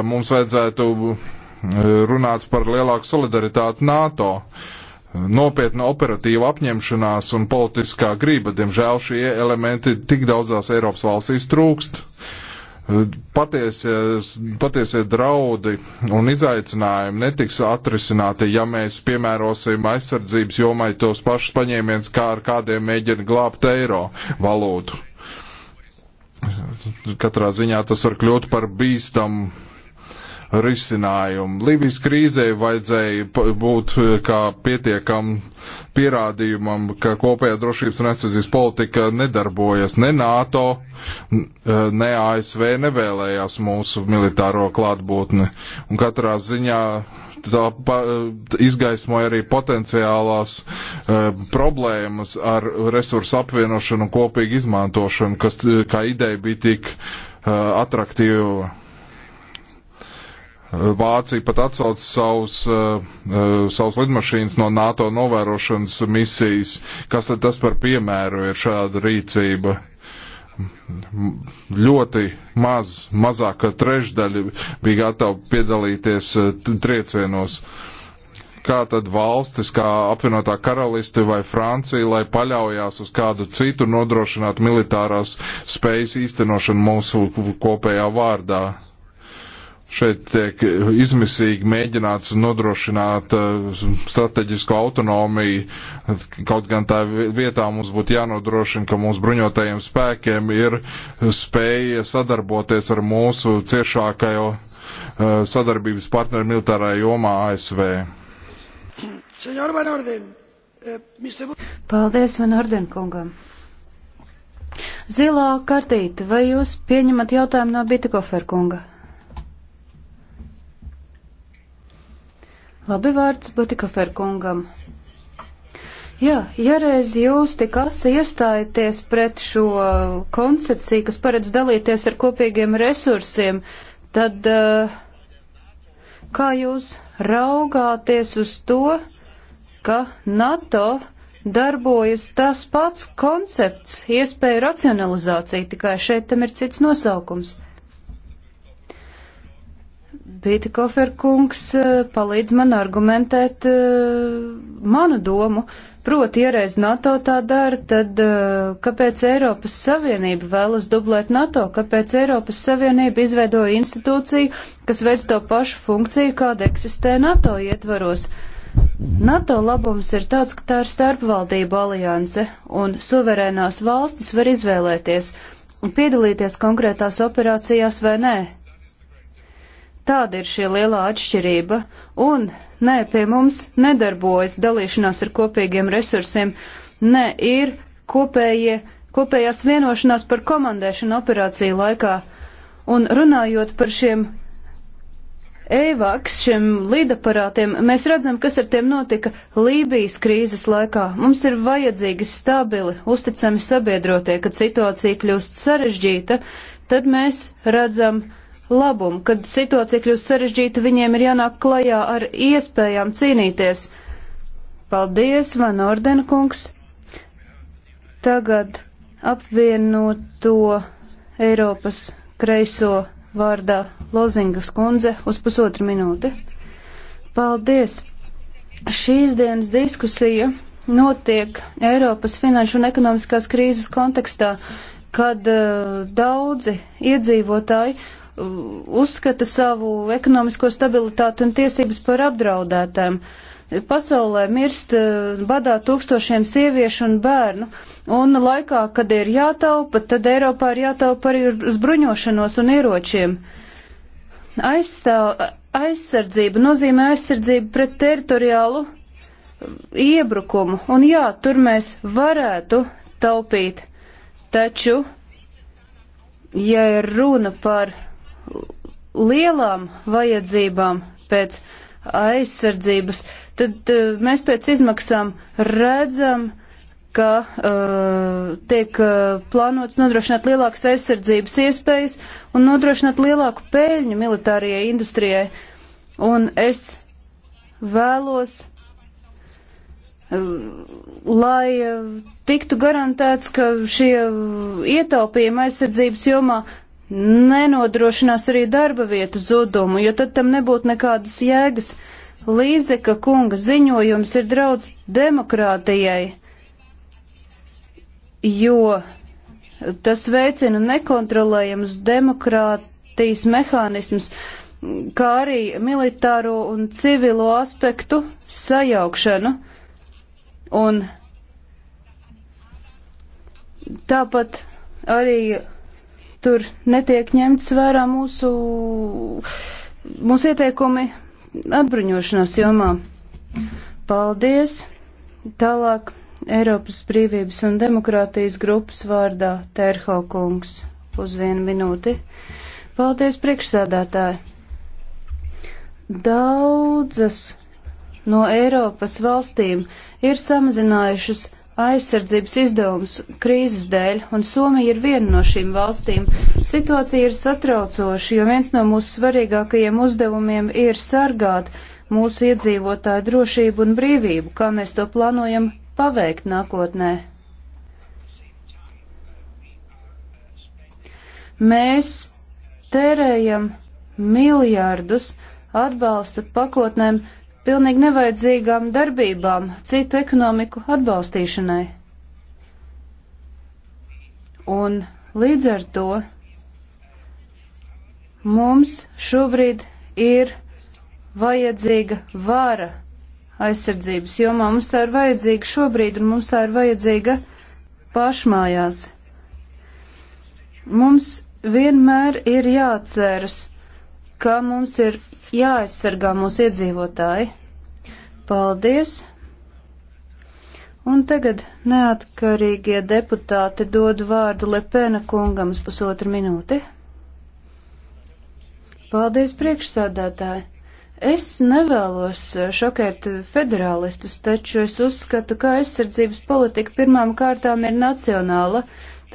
mums vajadzētu runāt par lielāku solidaritāti NATO. Uh, nopietna operatīva apņemšanās un politiskā grība. Diemžēl šie elementi tik daudzās Eiropas valstīs trūkst. Patiesie draudi un izaicinājumi netiks atrisināti, ja mēs piemērosim aizsardzības jomai tos pašus paņēmienus, kā ar kādiem mēģina glābt eiro valūtu. Katrā ziņā tas var kļūt par bīstamu risinājumu. Libijas krīzē vajadzēja būt eh, kā pietiekam pierādījumam, ka kopējā drošības un aizsardzības politika nedarbojas. Ne NATO, eh, ne ASV nevēlējās mūsu militāro klātbūtni. Un katrā ziņā tā pa, eh, izgaismoja arī potenciālās uh, problēmas ar resursu apvienošanu un kopīgu izmantošanu, kas kā ideja bija tik uh, atraktīva. Vācija pat atsauc savus, uh, savus lidmašīnas no NATO novērošanas misijas. Kas tad tas par piemēru ir šāda rīcība? Ļoti maz, mazāka trešdaļa bija gatava piedalīties eh, triecienos. Kā tad valstis, kā apvienotā karaliste vai Francija, lai paļaujās uz kādu citu nodrošināt militārās spējas īstenošanu mūsu kopējā vārdā? Šeit tiek izmisīgi mēģināts nodrošināt uh, strateģisku autonomiju, kaut gan tā vietā mums būtu jānodrošina, ka mūsu bruņotajiem spēkiem ir spēja sadarboties ar mūsu ciešākajo uh, sadarbības partneri militārajā jomā ASV. Eh, Paldies, Van Orden kungam. Zilā kartīte, vai jūs pieņemat jautājumu no Bitikofer kunga? Labi vārds Butikofer kungam. Jā, ja reiz jūs tik asi iestājaties pret šo koncepciju, kas paredz dalīties ar kopīgiem resursiem, tad eh, kā jūs raugāties uz to, ka NATO darbojas tas pats koncepts, iespēja racionalizācija, tikai šeit tam ir cits nosaukums? Pīti Koferkungs eh, palīdz man argumentēt eh, manu domu. Proti, ja reiz NATO tā dara, tad eh, kāpēc Eiropas Savienība vēlas dublēt NATO? Kāpēc Eiropas Savienība izveidoja institūciju, kas veids to pašu funkciju, kāda eksistē NATO ietvaros? NATO labums ir tāds, ka tā ir starpvaldību alianse, un suverēnās valstis var izvēlēties un piedalīties konkrētās operācijās vai nē. Tāda ir šī lielā atšķirība, un nē, pie mums nedarbojas dalīšanās ar kopīgiem resursiem, nē, ir kopējie, kopējās vienošanās par komandēšanu operāciju laikā. Un runājot par šiem Eivaks šiem līdaparātiem, mēs redzam, kas ar tiem notika Lībijas krīzes laikā. Mums ir vajadzīgi stabili, uzticami sabiedrotie, kad situācija kļūst sarežģīta, tad mēs redzam labumu. Kad situācija kļūst sarežģīta, viņiem ir jānāk klajā ar iespējām cīnīties. Paldies, Van Orden kungs. Tagad apvienoto Eiropas kreiso vārdā Lozingas kundze uz pusotru minūti. Paldies! Šīs dienas diskusija notiek Eiropas finanšu un ekonomiskās krīzes kontekstā, kad uh, daudzi iedzīvotāji uzskata savu ekonomisko stabilitāti un tiesības par apdraudētēm. Pasaulē mirst eh, badā tūkstošiem sieviešu un bērnu, un laikā, kad ir jātaupa, tad Eiropā ir jātaupa arī uz bruņošanos un ieročiem. Aizstāv, aizsardzība nozīmē aizsardzību pret teritoriālu iebrukumu, un jā, tur mēs varētu taupīt, taču, ja ir runa par lielām vajadzībām pēc aizsardzības, tad uh, mēs pēc izmaksām redzam, ka uh, tiek uh, plānots nodrošināt lielākas aizsardzības iespējas un nodrošināt lielāku pēļņu militārajai industrijai. Un es vēlos, uh, lai uh, tiktu garantēts, ka šie uh, ietaupījumi aizsardzības jomā nenodrošinās arī darba vietu zudumu, jo tad tam nebūtu nekādas jēgas. Līzeka kunga ziņojums ir draudz demokrātijai, jo tas veicina nekontrolējams demokrātijas mehānismus, kā arī militāro un civilo aspektu sajaukšanu. Un tāpat arī tur netiek ņemts vērā mūsu, mūsu ieteikumi atbruņošanās jomā. Paldies! Tālāk Eiropas brīvības un demokrātijas grupas vārdā Tērho kungs uz vienu minūti. Paldies priekšsādātāji! Daudzas no Eiropas valstīm ir samazinājušas aizsardzības izdevumus krīzes dēļ, un Somija ir viena no šīm valstīm. Situācija ir satraucoša, jo viens no mūsu svarīgākajiem uzdevumiem ir sargāt mūsu iedzīvotāju drošību un brīvību, kā mēs to plānojam paveikt nākotnē. Mēs tērējam miljārdus atbalsta pakotnēm pilnīgi nevajadzīgām darbībām, citu ekonomiku atbalstīšanai. Un līdz ar to mums šobrīd ir vajadzīga vara aizsardzības jomā. Mums tā ir vajadzīga šobrīd un mums tā ir vajadzīga pašmājās. Mums vienmēr ir jāatceras ka mums ir jāaizsargā mūsu iedzīvotāji. Paldies! Un tagad neatkarīgie deputāti dod vārdu Lepēna kungam uz pusotru minūti. Paldies, priekšsādātāji! Es nevēlos šokēt federālistus, taču es uzskatu, ka aizsardzības politika pirmām kārtām ir nacionāla.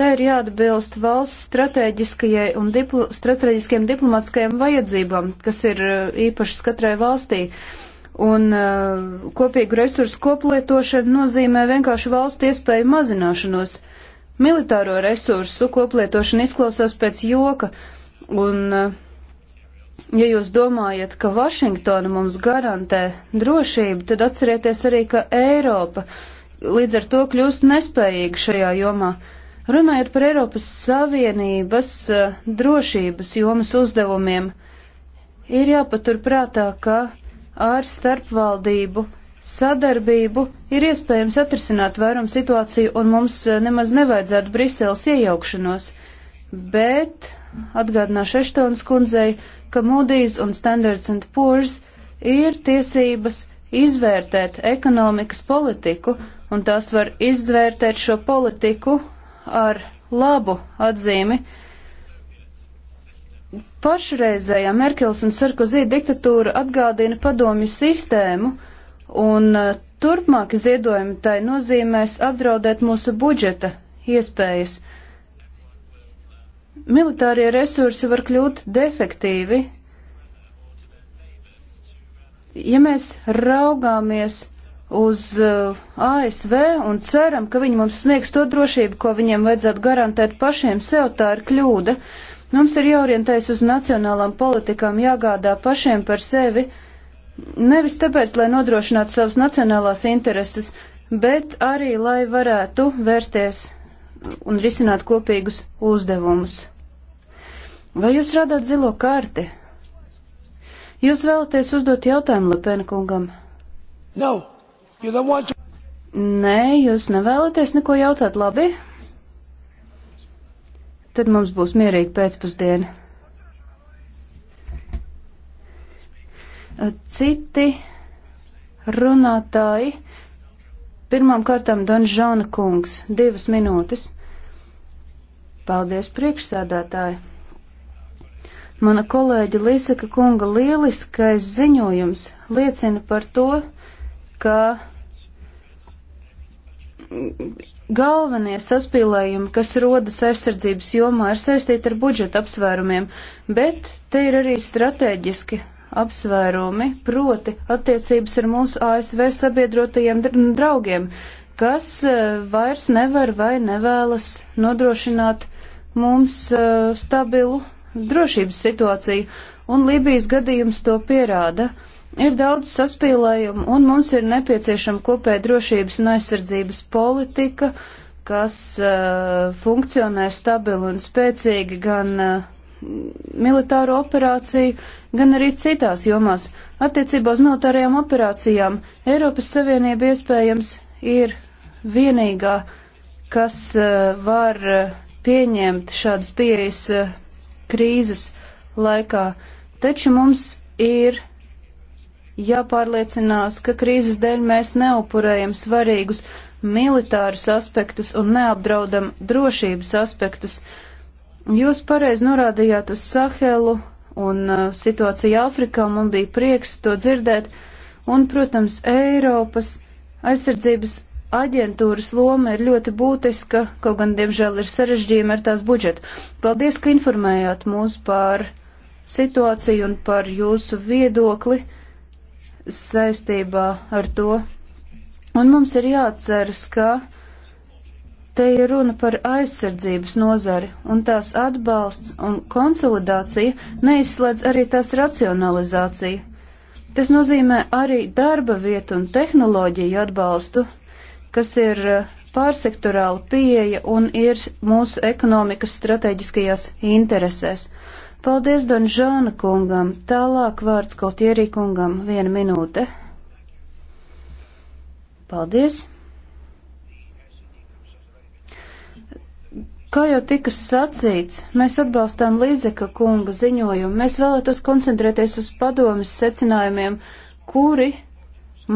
Tā ir jāatbilst valsts strateģiskajai un dipl strateģiskajiem diplomatiskajiem vajadzībām, kas ir eh, īpašas katrai valstī. Un uh, kopīgu resursu koplietošana nozīmē vienkārši valsts iespēju mazināšanos. Militāro resursu koplietošana izklausās pēc joka, un uh, ja jūs domājat, ka Vašingtona mums garantē drošību, tad atcerieties arī, ka Eiropa līdz ar to kļūst nespējīga šajā jomā. Uh, Runājot par Eiropas Savienības eh, drošības jomas uzdevumiem, ir jāpaturprātā, ka ar starpvaldību sadarbību ir iespējams atrisināt vairumu situāciju un mums eh, nemaz nevajadzētu Briseles iejaukšanos, bet atgādināšu Eštons kundzei, ka Moody's un Standards and Poor's ir tiesības izvērtēt ekonomikas politiku, un tās var izvērtēt šo politiku ar labu atzīmi. Pašreizējā Merkels un Sarkozī diktatūra atgādina padomju sistēmu, un uh, turpmāki ziedojumi tai nozīmēs apdraudēt mūsu budžeta iespējas. Militārie resursi var kļūt defektīvi, ja mēs raugāmies uz uh, ASV un ceram, ka viņi mums sniegs to drošību, ko viņiem vajadzētu garantēt pašiem sev, tā ir kļūda. Mums ir jāorientējas uz nacionālām politikām, jāgādā pašiem par sevi, nevis tāpēc, lai nodrošinātu savas nacionālās intereses, bet arī, lai varētu vērsties un risināt kopīgus uzdevumus. Vai jūs radāt zilo karti? Jūs vēlaties uzdot jautājumu Lepenkungam? No. To... Nē, jūs nevēlaties neko jautāt, labi? Tad mums būs mierīgi pēcpusdiena. Citi runātāji. Pirmām kārtām Donžona kungs, divas minūtes. Paldies priekšsēdētāji. Mana kolēģa Līsaka kunga lieliskais ziņojums liecina par to, ka galvenie saspīlējumi, kas rodas aizsardzības jomā, ir saistīti ar budžeta apsvērumiem, bet te ir arī strateģiski apsvērumi, proti attiecības ar mūsu ASV sabiedrotajiem draugiem, kas e, vairs nevar vai nevēlas nodrošināt mums e, stabilu drošības situāciju, un Libijas gadījums to pierāda. Ir daudz saspīlējumu, un mums ir nepieciešama kopēja drošības un aizsardzības politika, kas uh, funkcionē stabili un spēcīgi gan uh, militāro operāciju, gan arī citās jomās. Attiecībā uz militārajām operācijām Eiropas Savienība iespējams ir vienīgā, kas uh, var uh, pieņemt šādas pieejas uh, krīzes laikā, taču mums ir jāpārliecinās, ka krīzes dēļ mēs neupurējam svarīgus militārus aspektus un neapdraudam drošības aspektus. Jūs pareizi norādījāt uz Sahelu un uh, situāciju Āfrikā, man bija prieks to dzirdēt, un, protams, Eiropas aizsardzības aģentūras loma ir ļoti būtiska, kaut gan, diemžēl, ir sarežģījumi ar tās budžetu. Paldies, ka informējāt mūs par situāciju un par jūsu viedokli saistībā ar to. Un mums ir jāatceras, ka te ir runa par aizsardzības nozari, un tās atbalsts un konsolidācija neizslēdz arī tās racionalizāciju. Tas nozīmē arī darba vietu un tehnoloģiju atbalstu, kas ir eh, pārsektorāla pieeja un ir mūsu ekonomikas strateģiskajās interesēs. Paldies Donžona kungam. Tālāk vārds Koltierī kungam. Viena minūte. Paldies. Kā jau tika sacīts, mēs atbalstām Līzeka kunga ziņojumu. Mēs vēlētos koncentrēties uz padomas secinājumiem, kuri,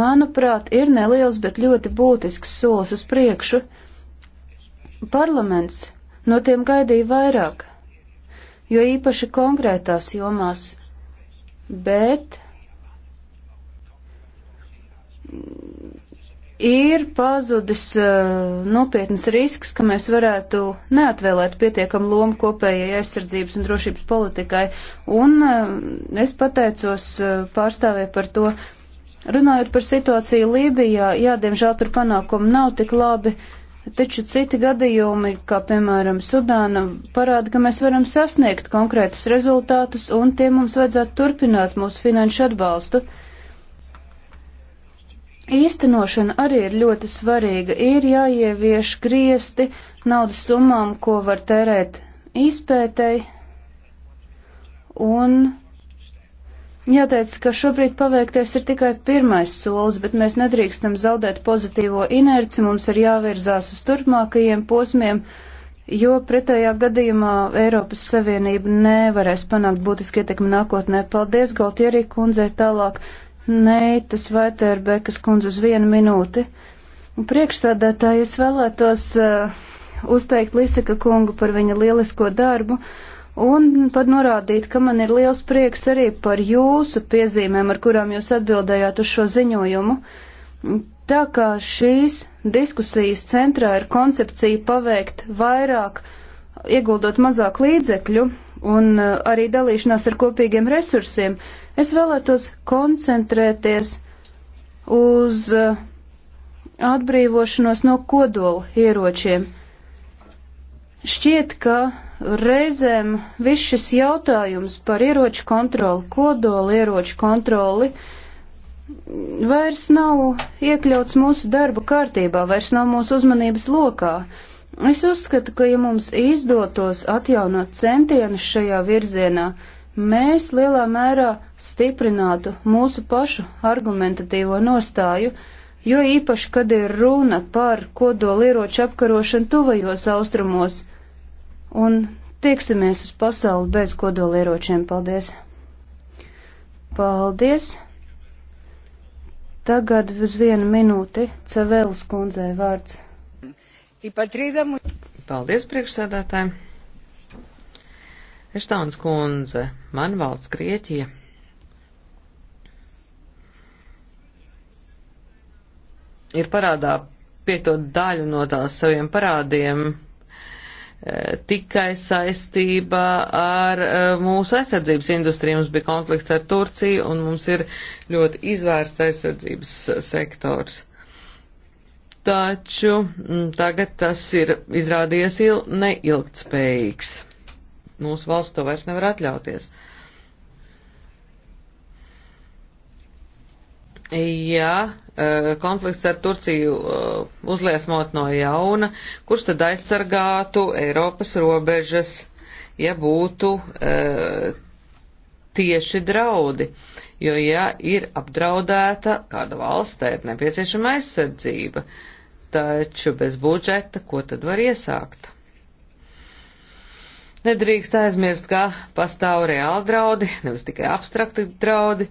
manuprāt, ir neliels, bet ļoti būtisks solis uz priekšu. Parlaments no tiem gaidīja vairāk jo īpaši konkrētās jomās, bet ir pazudis uh, nopietnas risks, ka mēs varētu neatvēlēt pietiekam lomu kopējai aizsardzības un drošības politikai, un uh, es pateicos uh, pārstāvē par to. Runājot par situāciju Lībijā, jā, diemžēl tur panākumi nav tik labi, uh, Taču citi gadījumi, kā piemēram Sudāna, parāda, ka mēs varam sasniegt konkrētus rezultātus un tie mums vajadzētu turpināt mūsu finanšu atbalstu. Īstenošana arī ir ļoti svarīga. Ir jāievieš griesti naudas summām, ko var tērēt izpētēji un Jāteic, ka šobrīd paveikties ir tikai pirmais solis, bet mēs nedrīkstam zaudēt pozitīvo inerci, mums ir jāvirzās uz turpmākajiem posmiem, jo pretējā gadījumā Eiropas Savienība nevarēs panākt būtiski ietekmi nākotnē. Paldies, Galtierī kundzei tālāk. Nē, tas Vaitērbekas kundze uz vienu minūti. Priekšstādētāji es vēlētos uh, uzteikt Liseka kungu par viņa lielisko darbu. Uh, un pat norādīt, ka man ir liels prieks arī par jūsu piezīmēm, ar kurām jūs atbildējāt uz šo ziņojumu. Tā kā šīs diskusijas centrā ir koncepcija paveikt vairāk, ieguldot mazāk līdzekļu un uh, arī dalīšanās ar kopīgiem resursiem, es vēlētos koncentrēties uz uh, atbrīvošanos no kodola ieročiem. Šķiet, ka reizēm viss šis jautājums par ieroču kontroli, kodoli ieroču kontroli, vairs nav iekļauts mūsu darba kārtībā, vairs nav mūsu uzmanības lokā. Es uzskatu, ka ja mums izdotos atjaunot centienus šajā virzienā, mēs lielā mērā stiprinātu mūsu pašu argumentatīvo nostāju, jo īpaši, kad ir runa par kodolieroču apkarošanu tuvajos austrumos – un tieksimies uz pasauli bez kodolieročiem. Paldies! Paldies! Tagad uz vienu minūti Cevēlas kundzei vārds. Paldies priekšsēdētājiem! Eštāns kundze, man valsts Grieķija. Ir parādā piekto daļu no tās saviem parādiem tikai saistība ar e, mūsu aizsardzības industriju. Mums bija konflikts ar Turciju un mums ir ļoti izvērsta aizsardzības sektors. Taču tagad tas ir izrādījies neilgtspējīgs. Mūsu valsts to vairs nevar atļauties. Uh, ja eh, konflikts ar Turciju eh, uzliesmot no jauna, kurš tad aizsargātu Eiropas robežas, ja būtu eh, tieši draudi, jo ja ir apdraudēta kāda valsts, tā ir nepieciešama aizsardzība, taču bez budžeta, ko tad var iesākt? Nedrīkst aizmirst, ka pastāv reāli draudi, nevis tikai abstrakti draudi,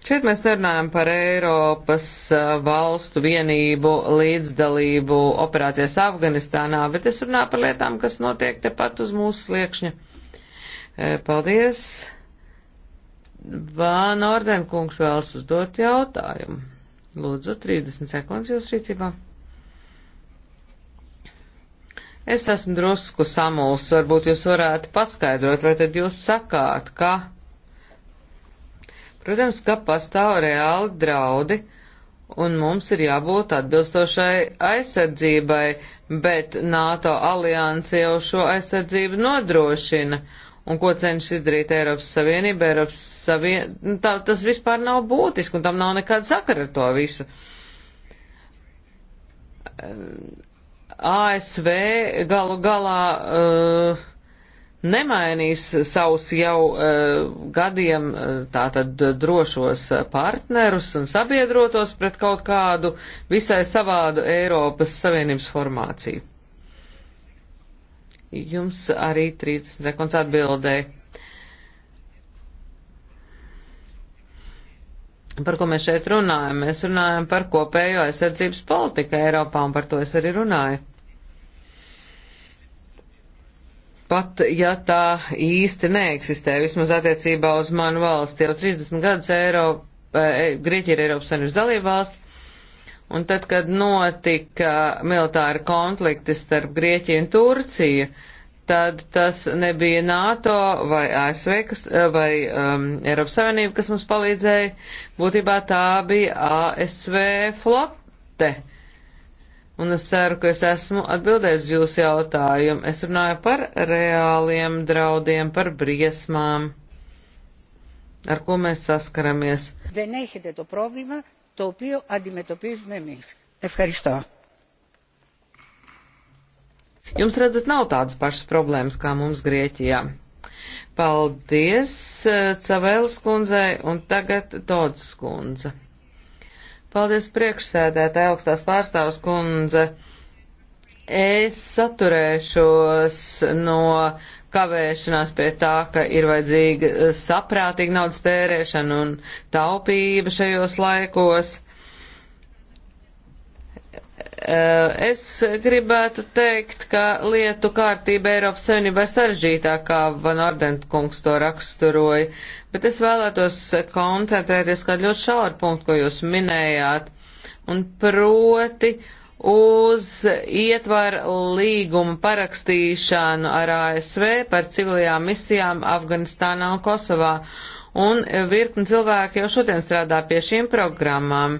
Šeit mēs nerunājam par Eiropas eh, valstu vienību, līdzdalību operācijas Afganistānā, bet es runāju par lietām, kas notiek tepat uz mūsu sliekšņa. Eh, paldies! Vāna Ordenkungs vēlas uzdot jautājumu. Lūdzu, 30 sekundes jūs rīcībā. Es esmu drusku samuls, varbūt jūs varētu paskaidrot, vai tad jūs sakāt, ka Protams, ka pastāv reāli draudi, un mums ir jābūt atbilstošai aizsardzībai, bet NATO alianse jau šo aizsardzību nodrošina. Un ko cenšas izdarīt Eiropas Savienība? Eiropas Savien... Nu, tā, tas vispār nav būtiski, un tam nav nekāda sakara ar to visu. Ehm, ASV galu galā uh, nemainīs savus jau uh, gadiem eh, tātad drošos eh, partnerus un sabiedrotos pret kaut kādu visai savādu Eiropas Savienības formāciju. Jums arī 30 sekundes atbildē. Par ko mēs šeit runājam? Mēs runājam par kopējo aizsardzības politiku Eiropā, un par to es arī runāju. pat ja tā īsti neeksistē, vismaz attiecībā uz manu valsti. Jau 30 gadus Eiropa, e, Grieķija ir Eiropas Savienības dalība valsts, un tad, kad notika militāri konflikti starp Grieķiju un Turciju, tad tas nebija NATO vai ASV kas, e, vai um, Eiropas Savienība, kas mums palīdzēja. Būtībā tā bija ASV flote un es ceru, ka es esmu atbildējis jūsu jautājumu. Es runāju par reāliem draudiem, par briesmām, ar ko mēs saskaramies. Jums redzat, nav tādas pašas problēmas kā mums Grieķijā. Paldies eh, Cavēlas kundzei un tagad Dodas kundze. Paldies priekšsēdētāji augstās pārstāvs kundze. Es saturēšos no kavēšanās pie tā, ka ir vajadzīga saprātīga naudas tērēšana un taupība šajos laikos. Eh, es gribētu teikt, ka lietu kārtība Eiropas Savienībā ir sarežģītākā, Van Ordenkungs to raksturoja. Uh, bet es vēlētos koncentrēties kādu ļoti šauru punktu, ko jūs minējāt, un proti uz ietvaru līgumu parakstīšanu ar ASV par civilajām misijām Afganistānā un Kosovā. Un virkni cilvēki jau šodien strādā pie šīm programmām.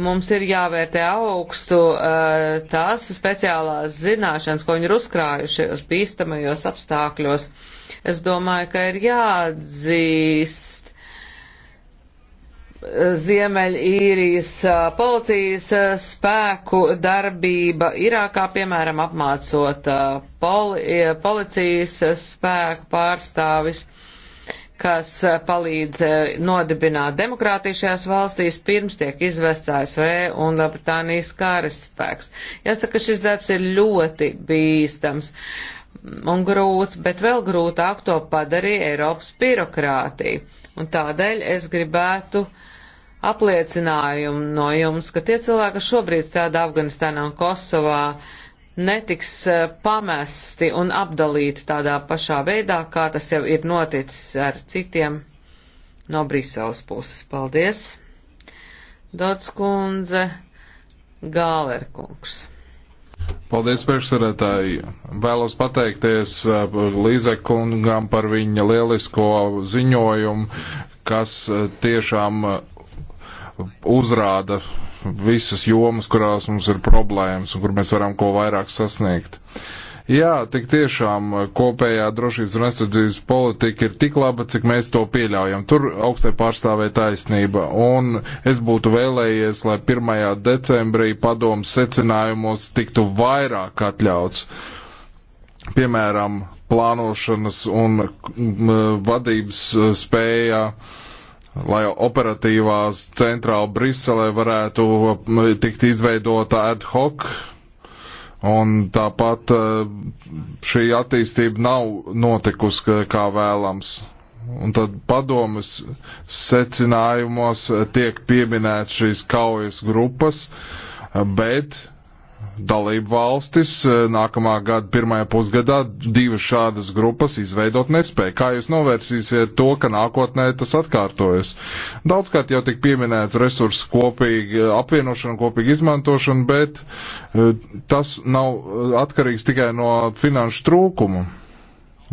Mums ir jāvērtē augstu uh, tās speciālās zināšanas, ko viņi ir uzkrājuši uz bīstamajos apstākļos. Uh, Es domāju, ka ir jāatzīst eh, Ziemeļīrijas eh, policijas eh, spēku darbība Irākā, piemēram, apmācot poli, policijas spēku pārstāvis, kas palīdz nodibināt demokrātiju šajās valstīs, pirms tiek izvests ASV un Lielbritānijas kāras spēks. Jāsaka, šis darbs ir ļoti bīstams. Uh, un grūts, bet vēl grūtāk to padarīja Eiropas birokrātija. Un tādēļ es gribētu apliecinājumu no jums, ka tie cilvēki, kas šobrīd strādā Afganistānā un Kosovā, netiks eh, pamesti un apdalīti tādā pašā veidā, kā tas jau ir noticis ar citiem no Briseles puses. Paldies! Dodskundze, Gālerkungs. Paldies, priekšsarētāji. Vēlos pateikties uh, Līze kungam par viņa lielisko ziņojumu, kas uh, tiešām uh, uzrāda visas jomas, kurās mums ir problēmas un kur mēs varam ko vairāk sasniegt. Uh, Jā, tik tiešām eh, kopējā drošības un aizsardzības politika ir tik laba, cik mēs to pieļaujam. Tur augstai pārstāvē taisnība. Un es būtu vēlējies, lai 1. decembrī padomu secinājumos tiktu vairāk atļauts. Piemēram, plānošanas un mm, eh, vadības eh, spējā lai operatīvās centrāla Briselē varētu mm, tikt izveidota ad hoc Un tāpat eh, šī attīstība nav notikusi kā vēlams. Un tad padomas secinājumos tiek pieminēts šīs kaujas grupas, eh, bet dalību valstis eh, nākamā gada pirmajā pusgadā divas šādas grupas izveidot nespēja. Kā jūs novērsīsiet to, ka nākotnē tas atkārtojas? Daudzkārt jau tik pieminēts resursu kopīgi eh, apvienošana, kopīgi izmantošana, bet eh, tas nav atkarīgs tikai no finanšu trūkumu.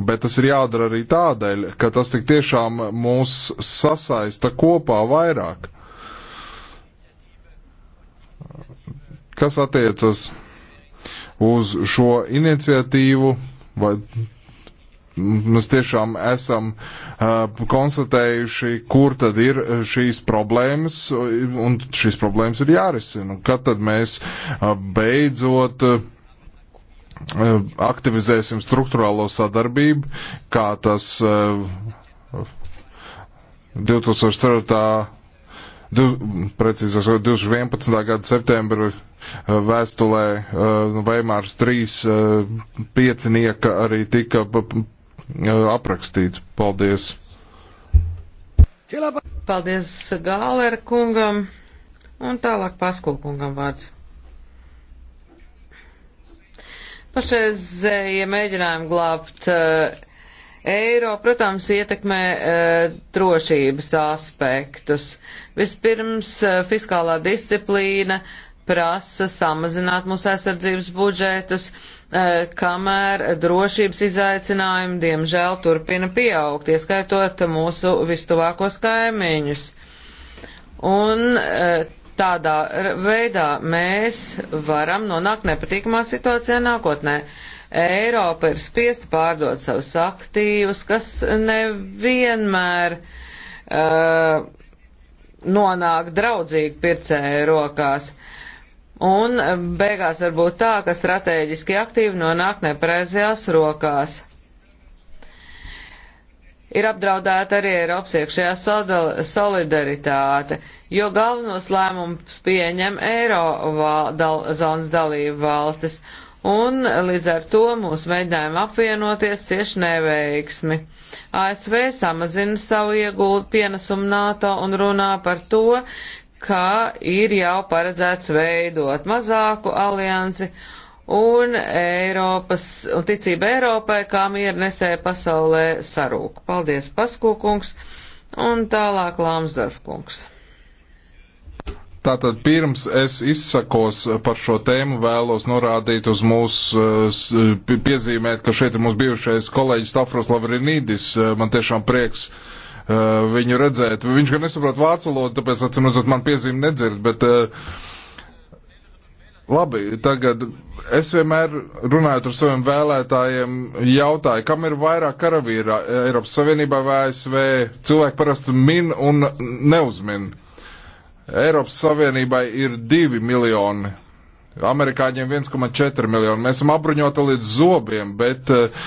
Bet tas ir jādara arī tādēļ, ka tas tik tiešām mūs sasaista kopā vairāk. Kas attiecas uz šo iniciatīvu, vai mēs tiešām esam uh, konstatējuši, kur tad ir šīs problēmas, un šīs problēmas ir jārisina. Kad tad mēs uh, beidzot uh, aktivizēsim struktūrālo sadarbību, kā tas 2004 precīzāk, 2011. gada septembra uh, vēstulē Veimārs uh, 3 uh, piecinieka arī tika aprakstīts. Paldies! Paldies Gālera kungam un tālāk Paskūkungam vārds. Pašreizējie ja mēģinājumi glābt uh, eiro, protams, ietekmē uh, drošības aspektus. Uh, Vispirms eh, fiskālā disciplīna prasa samazināt mūsu aizsardzības budžetus, eh, kamēr drošības izaicinājumi, diemžēl, turpina pieaugt, ieskaitot mūsu vistuvākos kaimiņus. Un eh, tādā veidā mēs varam nonākt nepatīkamā situācijā nākotnē. Eiropa ir spiest pārdot savus aktīvus, kas nevienmēr uh, nonāk draudzīgi pircēju rokās. Un beigās var būt tā, ka strateģiski aktīvi nonāk nepareizajās rokās. Ir apdraudēta arī Eiropas iekšējā solidaritāte, jo galvenos lēmumus pieņem Eiro val, dal, zonas dalību valstis, un līdz ar to mūsu mēģinājumu apvienoties cieši neveiksmi. ASV samazina savu ieguldu pienesumu NATO un runā par to, ka ir jau paredzēts veidot mazāku aliansi un Eiropas, un ticība Eiropai, kā miernesē pasaulē sarūk. Paldies, Paskūkungs, un tālāk Lāmsdorfkungs. Tātad pirms es izsakos par šo tēmu, vēlos norādīt uz mūsu, piezīmēt, ka šeit ir mūsu bijušais kolēģis Tafros Lavrinīdis. Man tiešām prieks uh, viņu redzēt. Viņš gan nesaprot vācu valodu, tāpēc, atcīmredzot, man piezīme nedzird, bet uh, labi, tagad es vienmēr runājot ar saviem vēlētājiem, jautāju, kam ir vairāk karavīra Eiropas Savienībā vai ASV? Cilvēki parasti min un neuzmin. Eiropas Savienībai ir divi miljoni Amerikāņiem 1,4 miljoni. Mēs esam apbruņoti līdz zobiem, bet eh,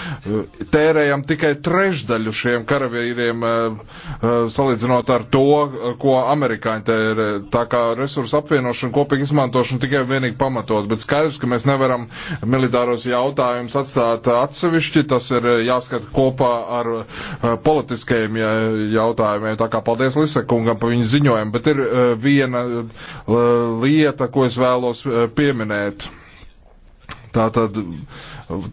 tērējam tikai trešdaļu šiem karavīriem eh, eh, salīdzinot ar to, ko amerikāņi tērē. Tā kā resursu apvienošana, kopīgi izmantošana tikai vienīgi pamatot, bet skaidrs, ka mēs nevaram militāros jautājumus atstāt atsevišķi, tas ir jāskata kopā ar politiskajiem jautājumiem. Tā kā paldies Lisekungam par viņu ziņojumu, bet ir viena lieta, ko es vēlos pieminēt pieminēt. Tātad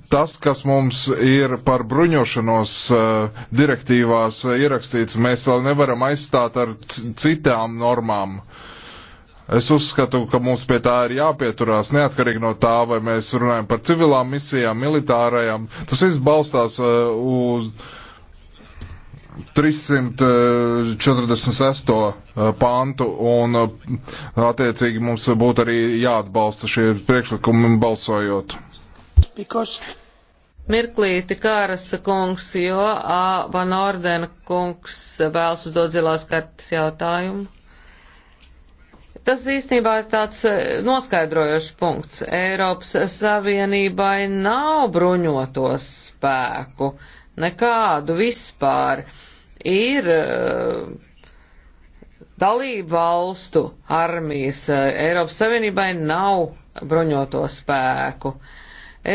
tas, kas mums ir par bruņošanos eh, direktīvās eh, ierakstīts, mēs vēl nevaram aizstāt ar citām normām. Es uzskatu, ka mums pie tā ir jāpieturās, neatkarīgi no tā, vai mēs runājam par civilām misijām, militārajām. Tas viss balstās eh, uz. Uh, 346. Eh, pantu, un eh, attiecīgi mums būtu arī jāatbalsta šie priekšlikumi balsojot. Because... Mirklīti Kāras kungs, jo A. Van Ordena kungs vēlas uzdot zilās kartas jautājumu. Tas īstenībā ir tāds eh, noskaidrojošs punkts. Eiropas Savienībai nav bruņoto spēku, nekādu vispār. Uh, ir uh, dalību valstu armijas. Uh, Eiropas Savienībai nav bruņoto spēku.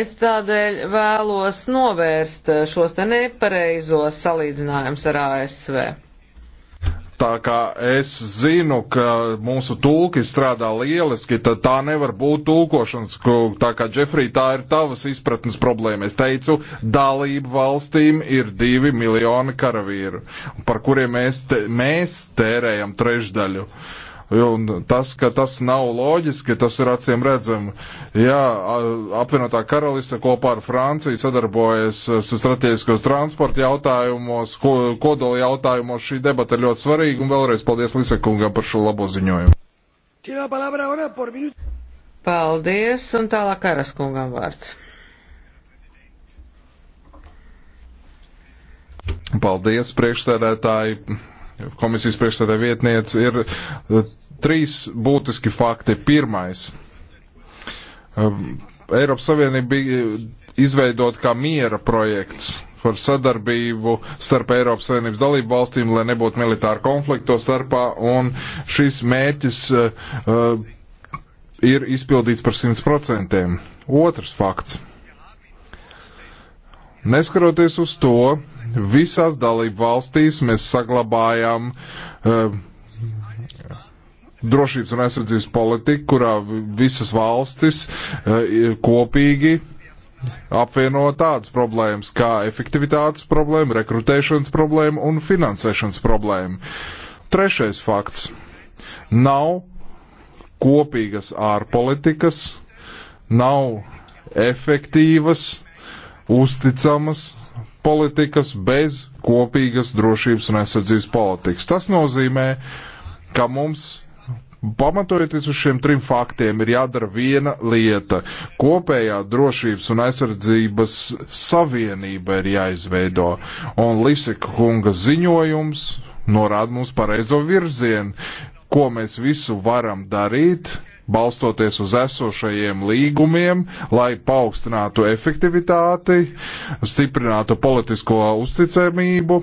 Es tādēļ vēlos novērst uh, šos te nepareizos salīdzinājumus ar ASV. Tā kā es zinu, ka mūsu tulki strādā lieliski, tad tā nevar būt tulkošanas. Tā kā Džefrī, tā ir tavas izpratnes problēma. Es teicu, dalību valstīm ir divi miljoni karavīru, par kuriem mēs, te, mēs tērējam trešdaļu. Uh, Un tas, ka tas nav loģiski, tas ir acīm redzami. Jā, apvienotā karaliste kopā ar Franciju sadarbojas strateģiskos transporta jautājumos, kodola jautājumos. Šī debata ir ļoti svarīga un vēlreiz paldies Lisekungam par šo labo ziņojumu. Paldies, un tālāk Karaskungam vārds. Paldies, priekšsēdētāji komisijas priekšsēdē vietniece, ir uh, trīs būtiski fakti. Pirmais. Um, Eiropas Savienība bija uh, izveidot kā miera projekts par sadarbību starp Eiropas Savienības dalību valstīm, lai nebūtu militāru konfliktu starpā, un šis mērķis uh, uh ir izpildīts par 100%. Otrs fakts. Neskaroties uz to, Visās dalību valstīs mēs saglabājām uh, eh, drošības un aizsardzības politiku, kurā visas valstis uh, kopīgi apvieno tādas problēmas kā efektivitātes problēma, rekrutēšanas problēma un finansēšanas problēma. Trešais fakts. Nav kopīgas ārpolitikas, nav efektīvas, uzticamas politikas bez kopīgas drošības un aizsardzības politikas. Tas nozīmē, ka mums Pamatojoties uz šiem trim faktiem, ir jādara viena lieta. Kopējā drošības un aizsardzības savienība ir jāizveido, un Liseka kunga ziņojums norāda mums pareizo virzienu, ko mēs visu varam darīt, balstoties uz esošajiem līgumiem, lai paaugstinātu efektivitāti, stiprinātu politisko uzticamību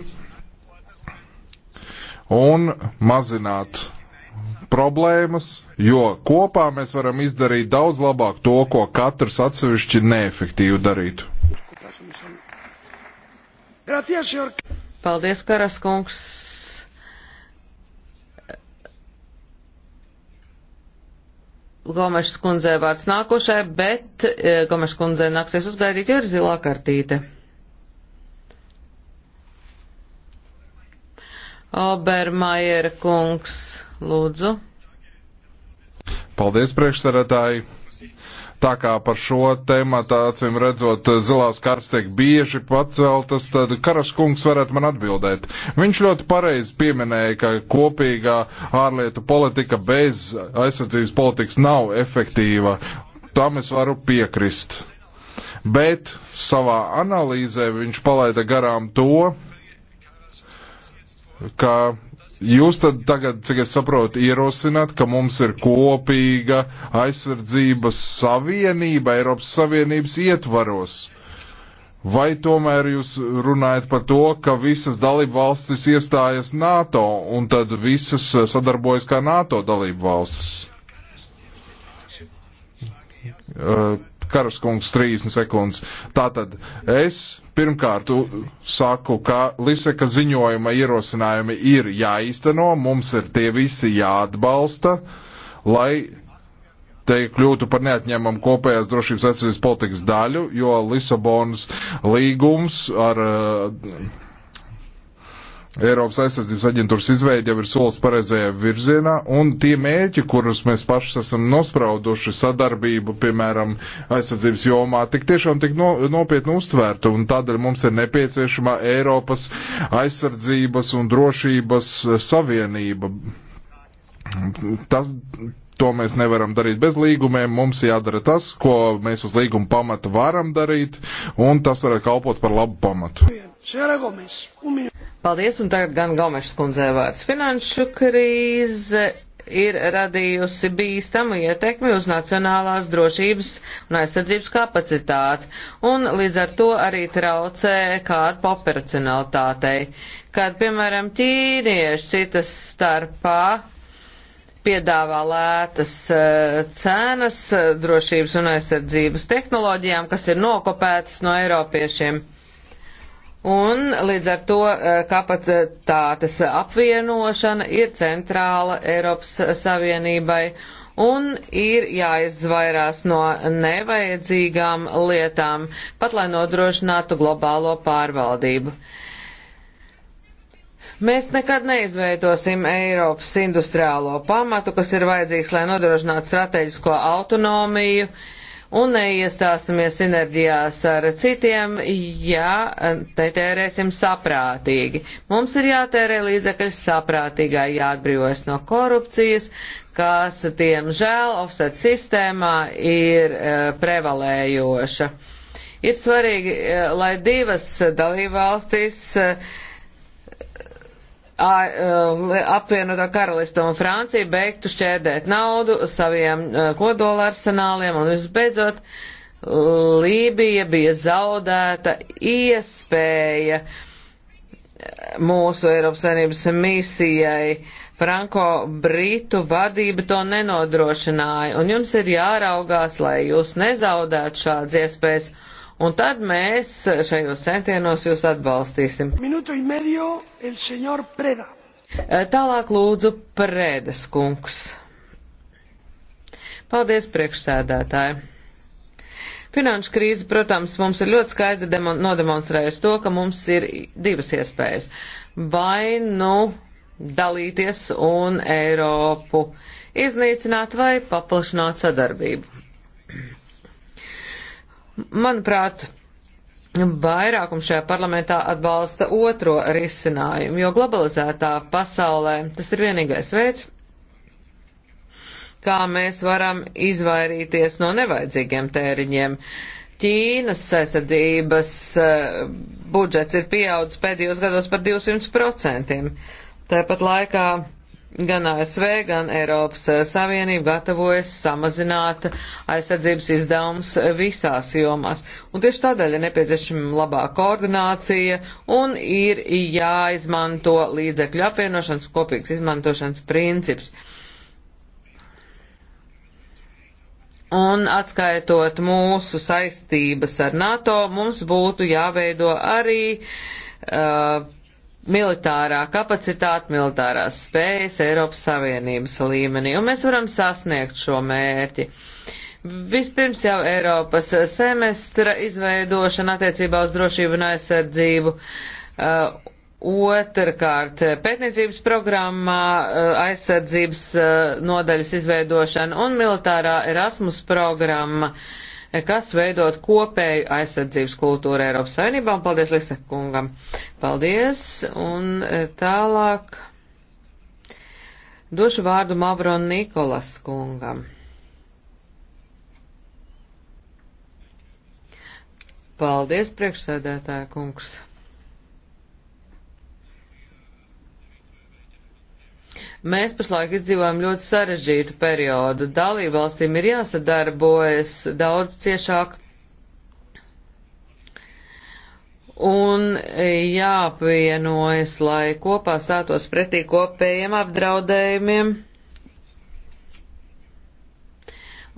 un mazināt problēmas, jo kopā mēs varam izdarīt daudz labāk to, ko katrs atsevišķi neefektīvi darītu. Paldies, Karas kungs! Gomešas kundzei vārds nākošai, bet e, Gomešas kundzei nāksies uzgaidīt, jo ir zilā kartīte. Obermaiera kungs, lūdzu. Paldies, priekšsarētāji! Tā kā par šo tēmatu, acīm redzot, zilās kārs tiek bieži paceltas, tad Karaskungs varētu man atbildēt. Viņš ļoti pareizi pieminēja, ka kopīgā ārlietu politika bez aizsardzības politikas nav efektīva. Tam es varu piekrist. Bet savā analīzē viņš palaida garām to, ka Jūs tad tagad, cik es saprotu, ierosināt, ka mums ir kopīga aizsardzības savienība Eiropas Savienības ietvaros. Vai tomēr jūs runājat par to, ka visas dalību valstis iestājas NATO un tad visas eh, sadarbojas kā NATO dalību valstis? Uh, Karaskungs 30 sekundes. Tātad es pirmkārt saku, ka Liseka ziņojuma ierosinājumi ir jāīsteno, mums ir tie visi jāatbalsta, lai te kļūtu par neatņemamu kopējās drošības aizsardzības politikas daļu, jo Lisabonas līgums ar uh, Eiropas aizsardzības aģentūras izveide jau ir solis pareizajā virzienā, un tie mēķi, kurus mēs paši esam nosprauduši, sadarbību, piemēram, aizsardzības jomā, tik tiešām tik no, nopietni uztvērta, un tādēļ mums ir nepieciešama Eiropas aizsardzības un drošības savienība. Tas, to mēs nevaram darīt bez līgumiem. Mums jādara tas, ko mēs uz līguma pamata varam darīt, un tas var kalpot par labu pamatu. Jā. Paldies, un tagad gan Gomešs kundzē vārds. Finanšu krīze ir radījusi bīstamu ietekmi uz nacionālās drošības un aizsardzības kapacitāti, un līdz ar to arī traucē kādu operacionalitātei, kad, piemēram, ķīnieši citas starpā piedāvā lētas eh, cenas eh, drošības un aizsardzības tehnoloģijām, kas ir nokopētas no eiropiešiem. Un līdz ar to eh, kapacitātes apvienošana ir centrāla Eiropas Savienībai un ir jāizvairās no nevajadzīgām lietām, pat lai nodrošinātu globālo pārvaldību. Mēs nekad neizveidosim Eiropas industriālo pamatu, kas ir vajadzīgs, lai nodrošinātu strateģisko autonomiju, uh, un neiestāsimies sinerģijās ar citiem, ja te tērēsim saprātīgi. Mums ir jātērē līdzekļi saprātīgā, jāatbrīvojas no korupcijas, kas, diemžēl, offset sistēmā ir e, prevalējoša. Ir svarīgi, e, lai divas dalībvalstis valstis e, Um, apvienotā karalista un Francija beigtu šķērdēt naudu saviem uh, kodolarsenāliem un visbeidzot Lībija bija zaudēta iespēja uh, mūsu Eiropas Savienības misijai. Franko Britu vadība to nenodrošināja, un jums ir jāraugās, lai jūs nezaudētu šādas iespējas Un tad mēs šajos centienos jūs atbalstīsim. Minūtu un medio, el senor Preda. Eh, tālāk lūdzu Prēdes kungs. Paldies priekšsēdētāji. Finanšu krīze, protams, mums ir ļoti skaidri nodemonstrējusi to, ka mums ir divas iespējas. Vai nu dalīties un Eiropu iznīcināt vai paplašināt sadarbību. Manuprāt, vairākums šajā parlamentā atbalsta otro risinājumu, jo globalizētā pasaulē tas ir vienīgais veids, kā mēs varam izvairīties no nevajadzīgiem tēriņiem. Ķīnas aizsardzības eh, budžets ir pieaudzis pēdējos gados par 200%. Tāpat laikā Gan ASV, gan Eiropas eh, Savienība gatavojas samazināt aizsardzības izdevumus visās jomās. Un tieši tādēļ ir nepieciešama labāka koordinācija un ir jāizmanto līdzekļu apvienošanas kopīgs izmantošanas princips. Un atskaitot mūsu saistības ar NATO, mums būtu jāveido arī uh, militārā kapacitāte, militārās spējas Eiropas Savienības līmenī, un mēs varam sasniegt šo mērķi. Vispirms jau Eiropas semestra izveidošana attiecībā uz drošību un aizsardzību. Uh, Otrkārt, pētniecības programmā uh, aizsardzības uh, nodaļas izveidošana un militārā Erasmus programma uh, kas veidot kopēju aizsardzības kultūru Eiropas Savienībā, un paldies Lisekungam. Paldies, un e, tālāk došu vārdu Mavro Nikolas kungam. Paldies, priekšsēdētāja kungs. Mēs pašlaik izdzīvojam ļoti sarežģītu periodu. Dalībvalstīm ir jāsadarbojas daudz ciešāk un jāapvienojas, lai kopā stātos pretī kopējiem apdraudējumiem.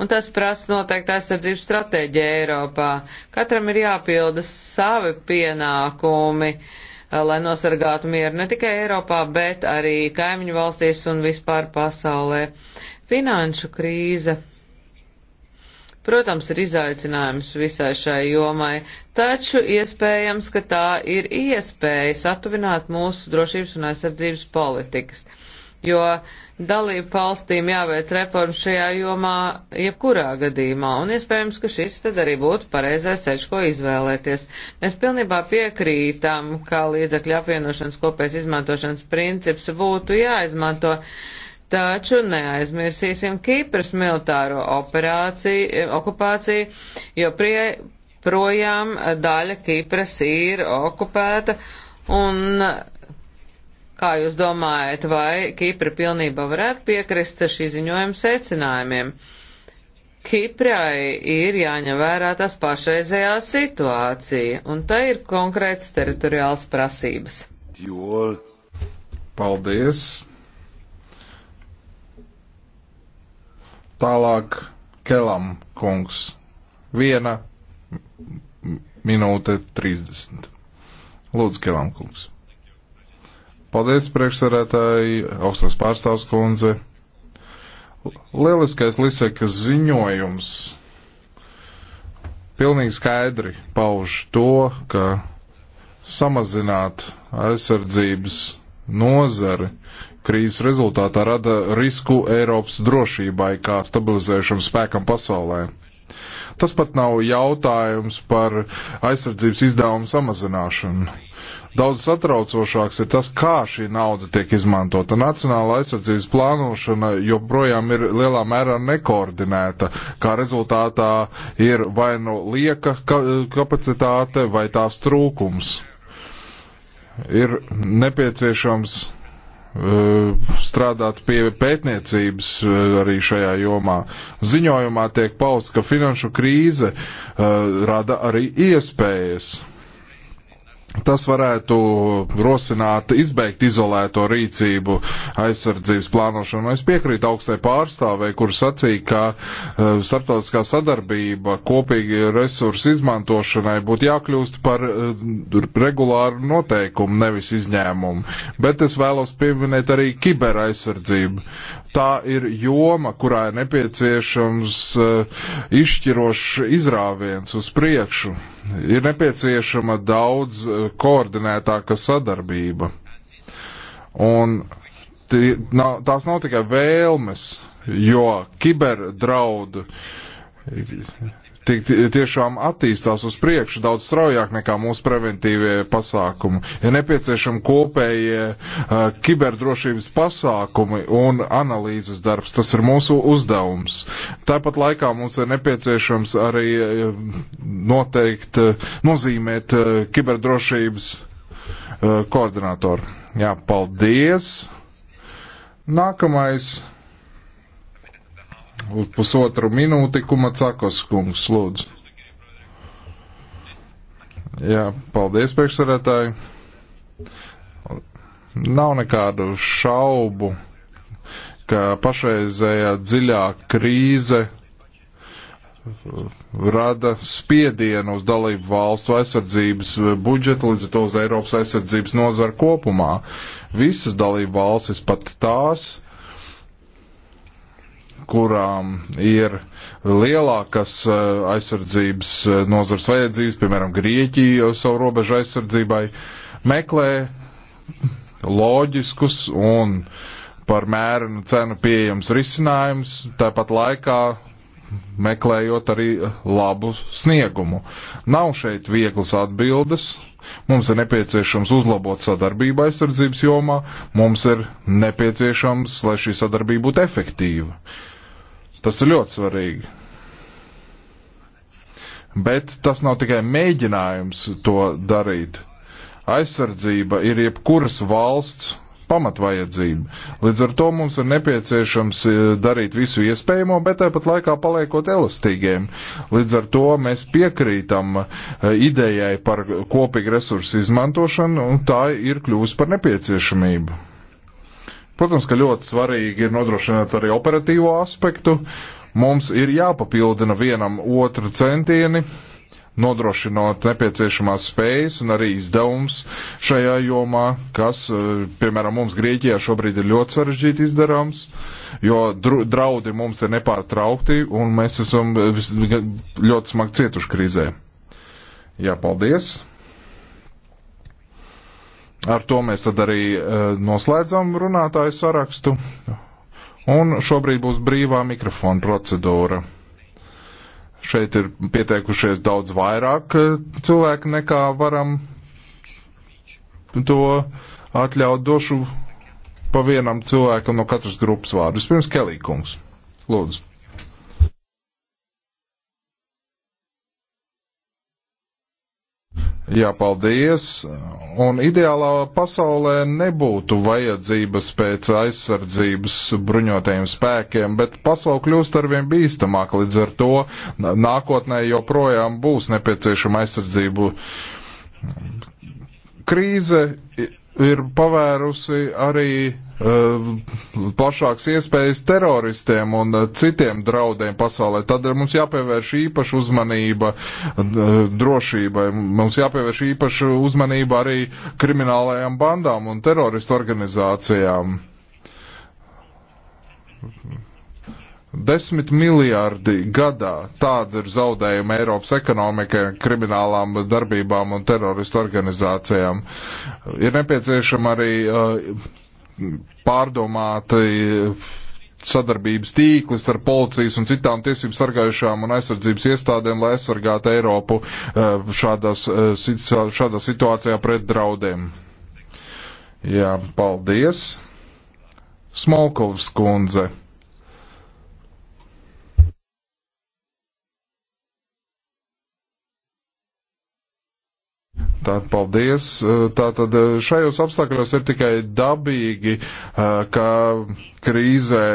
Un tas prasa noteikti aizsardzības stratēģija Eiropā. Katram ir jāpilda savi pienākumi. Uh, lai nosargātu mieru ne tikai Eiropā, bet arī kaimiņu valstīs un vispār pasaulē. Finanšu krīze, protams, ir izaicinājums visai šai jomai, taču iespējams, ka tā ir iespēja satuvināt mūsu drošības un aizsardzības politikas, jo uh, dalību valstīm jāveic reformas šajā jomā jebkurā gadījumā, un iespējams, ka šis tad arī būtu pareizais ceļš, ko izvēlēties. Mēs pilnībā piekrītam, ka līdzekļu apvienošanas kopējas izmantošanas princips būtu jāizmanto, taču neaizmirsīsim Kīpras militāro operāciju, eh, okupāciju, jo prie, projām daļa Kīpras ir okupēta, un Kā jūs domājat, vai Kipra pilnībā varētu piekrist šī ziņojuma secinājumiem? Kiprai ir jāņem vērā tās pašreizējā situācija, un tai ir konkrēts teritoriāls prasības. Jol. Paldies! Tālāk Kelam kungs. Viena minūte 30. Lūdzu, Kelam kungs. Paldies, priekšsarētāji, augstās pārstāvs kundze. Lieliskais Lisekas ziņojums pilnīgi skaidri pauž to, ka samazināt aizsardzības nozari krīzes rezultātā rada risku Eiropas drošībai kā stabilizējušam spēkam pasaulē. Tas pat nav jautājums par aizsardzības izdevumu samazināšanu. Daudz satraucošāks ir tas, kā šī nauda tiek izmantota. Nacionāla aizsardzības plānošana joprojām ir lielā mērā nekoordinēta, kā rezultātā ir vai nu no lieka kapacitāte, vai tās trūkums. Ir nepieciešams e, strādāt pie pētniecības e, arī šajā jomā. Ziņojumā tiek pausts, ka finanšu krīze uh, rada arī iespējas. Tas varētu rosināt, izbeigt izolēto rīcību aizsardzības plānošanu. Es piekrītu augstai pārstāvei, kur sacīja, ka uh, starptautiskā sadarbība kopīgi resursu izmantošanai būtu jākļūst par uh, regulāru noteikumu, nevis izņēmumu. Bet es vēlos pieminēt arī kiberaizsardzību. Tā ir joma, kurā ir nepieciešams uh, izšķirošs izrāviens uz priekšu Ir nepieciešama daudz eh, koordinētāka sadarbība. Un tie, nav, tās nav tikai vēlmes, jo kiberdraudu tik tiešām attīstās uz priekšu daudz straujāk nekā mūsu preventīvie pasākumi. Ir nepieciešami kopējie uh, kiberdrošības pasākumi un analīzes darbs. Tas ir mūsu uzdevums. Tāpat laikā mums ir nepieciešams arī uh, noteikt, uh, nozīmēt uh, kiberdrošības uh, koordinātoru. Jā, paldies! Nākamais. Uz pusotru minūti Kumacakas kungs, lūdzu. Jā, paldies, priekšsarētāji. Nav nekādu šaubu, ka pašreizējā dziļā krīze rada spiedienu uz dalību valstu aizsardzības budžetu, līdz ar to uz Eiropas aizsardzības nozaru kopumā. Visas dalību valstis, pat tās, kurām ir lielākas eh, aizsardzības eh, nozars vajadzības, piemēram, Grieķija savu robežu aizsardzībai, meklē loģiskus un par mērenu cenu pieejams risinājums, tāpat laikā meklējot arī labu sniegumu. Nav šeit vieglas atbildes. Mums ir nepieciešams uzlabot sadarbību aizsardzības jomā, mums ir nepieciešams, lai šī sadarbība būtu efektīva. Uh, Tas ir ļoti svarīgi. Bet tas nav tikai mēģinājums to darīt. Aizsardzība ir jebkuras valsts pamatvajadzība. Līdz ar to mums ir nepieciešams e, darīt visu iespējamo, bet tāpat laikā paliekot elastīgiem. Līdz ar to mēs piekrītam e, idejai par kopīgu resursu izmantošanu, un tā ir kļuvusi par nepieciešamību. Protams, ka ļoti svarīgi ir nodrošināt arī operatīvo aspektu. Mums ir jāpapildina vienam otru centieni, nodrošinot nepieciešamās spējas un arī izdevums šajā jomā, kas, eh, piemēram, mums Grieķijā šobrīd ir ļoti sarežģīti izdarāms, jo draudi mums ir nepārtraukti un mēs esam ļoti smagi cietuši krīzē. Jā, paldies! Ar to mēs tad arī e, noslēdzam runātāju sarakstu. Un šobrīd būs brīvā mikrofona procedūra. Šeit ir pieteikušies daudz vairāk e, cilvēku nekā varam to atļaut. Došu pa vienam cilvēkam no katras grupas vārdu. Vispirms Kelīkungs. Lūdzu. Jā, paldies. Un ideālā pasaulē nebūtu vajadzības pēc aizsardzības bruņotajiem spēkiem, bet pasauli kļūst arvien bīstamāk, līdz ar to nākotnē joprojām būs nepieciešama aizsardzību. Krīze ir pavērusi arī uh, eh, plašāks iespējas teroristiem un uh, citiem draudiem pasaulē. Tad mums jāpievērš īpaša uzmanība uh, drošībai. Mums jāpievērš īpaša uzmanība arī kriminālajām bandām un teroristu organizācijām. Desmit miljārdi gadā tāda ir zaudējuma Eiropas ekonomikai, kriminālām darbībām un teroristu organizācijām. Ir nepieciešama arī uh, pārdomāta sadarbības tīklis ar policijas un citām tiesību sargājušām un aizsardzības iestādēm, lai aizsargātu Eiropu uh, šādās, uh, šādā situācijā pret draudiem. Jā, paldies. Smolkovs kundze. Tā, paldies. Eh, tātad eh, šajos apstākļos ir tikai dabīgi, eh, ka krīzē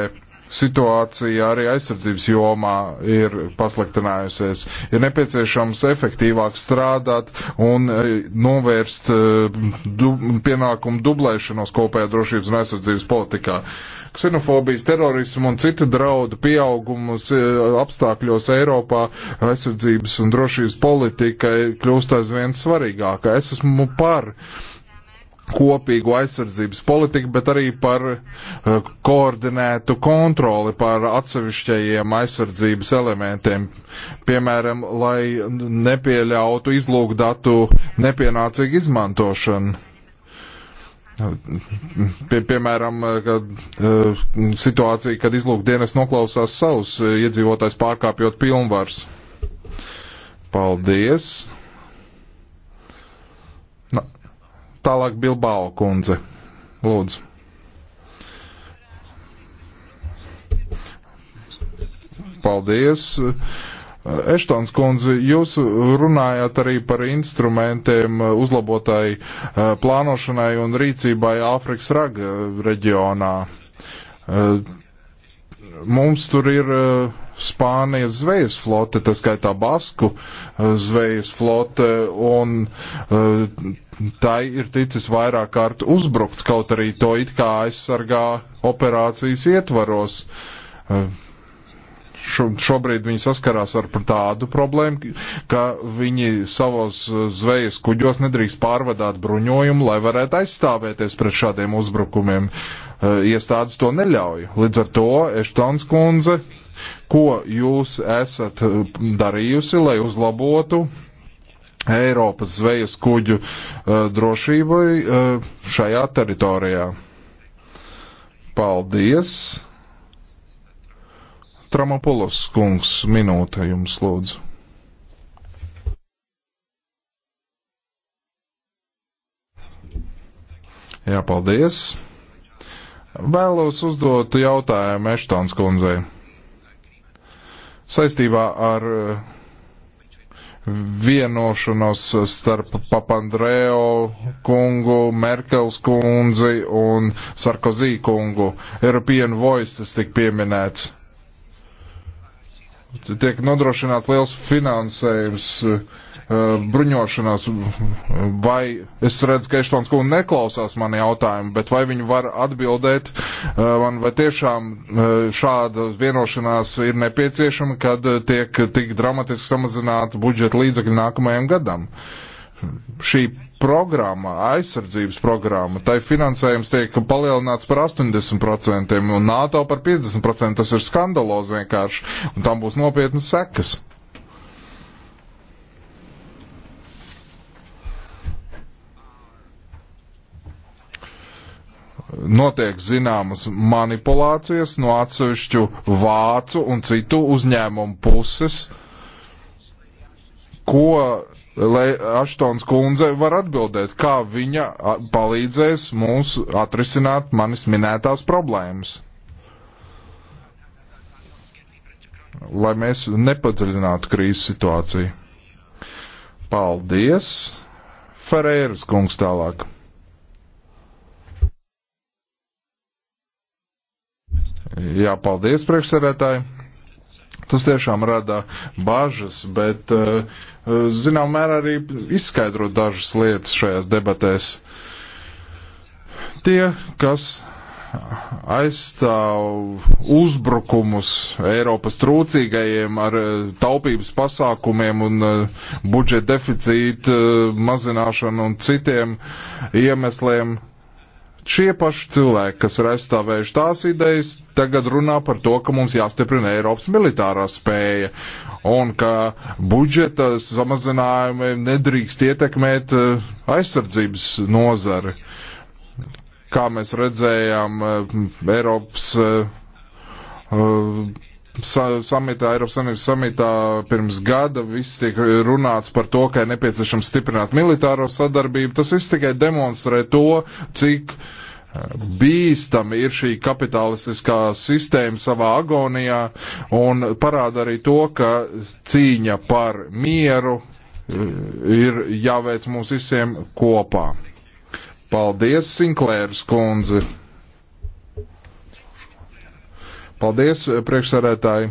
situācija arī aizsardzības jomā ir pasliktinājusies. Ir nepieciešams efektīvāk strādāt un novērst du, pienākumu dublēšanos kopējā drošības un aizsardzības politikā. Ksenofobijas, terorismu un citu draudu pieaugumus e, apstākļos Eiropā aizsardzības un drošības politikai kļūst aizvien svarīgāka. Es esmu par kopīgu aizsardzības politiku, bet arī par uh, koordinētu kontroli pār atsevišķajiem aizsardzības elementiem. Piemēram, lai nepieļautu izlūkdatu nepienācīgu izmantošanu. Pie, piemēram, kad, eh, situācija, kad izlūkdienas noklausās savus eh, iedzīvotājs pārkāpjot pilnvars. Paldies! Na, tālāk Bilbao kundze. Lūdzu. Paldies! Eh, Eštons kundze, jūs runājāt arī par instrumentiem eh, uzlabotai eh, plānošanai un rīcībai Āfrikas raga reģionā. Mums tur ir Spānijas zvejas flote, tas skaitā Basku zvejas flote, un tai ir ticis vairāk kārt uzbrukts, kaut arī to it kā aizsargā operācijas ietvaros. Uh, šobrīd viņi saskarās ar tādu problēmu, ka viņi savos eh, zvejas kuģos nedrīkst pārvadāt bruņojumu, lai varētu aizstāvēties pret šādiem uzbrukumiem. Eh, iestādes to neļauj. Līdz ar to Eštons kundze, ko jūs esat eh, darījusi, lai uzlabotu Eiropas zvejas kuģu drošībai šajā teritorijā? Paldies! Tramopulos kungs, minūte jums lūdzu. Jā, paldies. Vēlos uzdot jautājumu Eštāns kundzei. Saistībā ar uh, vienošanos starp Papandreo kungu, Merkels kundzi un Sarkozī kungu. European Voice tas tik pieminēts tiek nodrošināts liels finansējums eh, bruņošanās, vai es redzu, ka Eštons kundze neklausās mani jautājumu, bet vai viņi var atbildēt eh, man, vai tiešām eh, šāda vienošanās ir nepieciešama, kad tiek tik dramatiski samazināta budžeta līdzekļi nākamajam gadam? Šī programma, aizsardzības programma, tai finansējums tiek palielināts par 80% un NATO par 50%. Tas ir skandalozi vienkārši, un tam būs nopietnas sekas. Notiek zināmas manipulācijas no atsevišķu vācu un citu uzņēmumu puses, ko lai Aštons kundze var atbildēt, kā viņa palīdzēs mums atrisināt manis minētās problēmas. Lai mēs nepadziļinātu krīzes situāciju. Paldies! Ferēras kungs tālāk. Jā, paldies priekšsarētāji! Tas tiešām rada bažas, bet eh, eh, zinām mērā arī izskaidro dažas lietas šajās debatēs. Tie, kas aizstāv uzbrukumus Eiropas trūcīgajiem ar eh, taupības pasākumiem un budžeta deficīta mazināšanu un citiem iemesliem, Šie paši cilvēki, kas ir aizstāvējuši tās idejas, tagad runā par to, ka mums jāstiprina Eiropas militārā spēja un ka budžeta samazinājumi nedrīkst ietekmēt eh, aizsardzības nozari. Kā mēs redzējām, eh, Eiropas eh, samitā, Eiropas Savienības samitā pirms gada viss tiek runāts par to, ka ir nepieciešams stiprināt militāro sadarbību. Tas viss tikai demonstrē to, cik eh, bīstami ir šī kapitalistiskā sistēma savā agonijā un parāda arī to, ka cīņa par mieru eh, ir jāveic mums visiem kopā. Paldies, Sinklērs kundze! Paldies, eh, priekšsarētāji.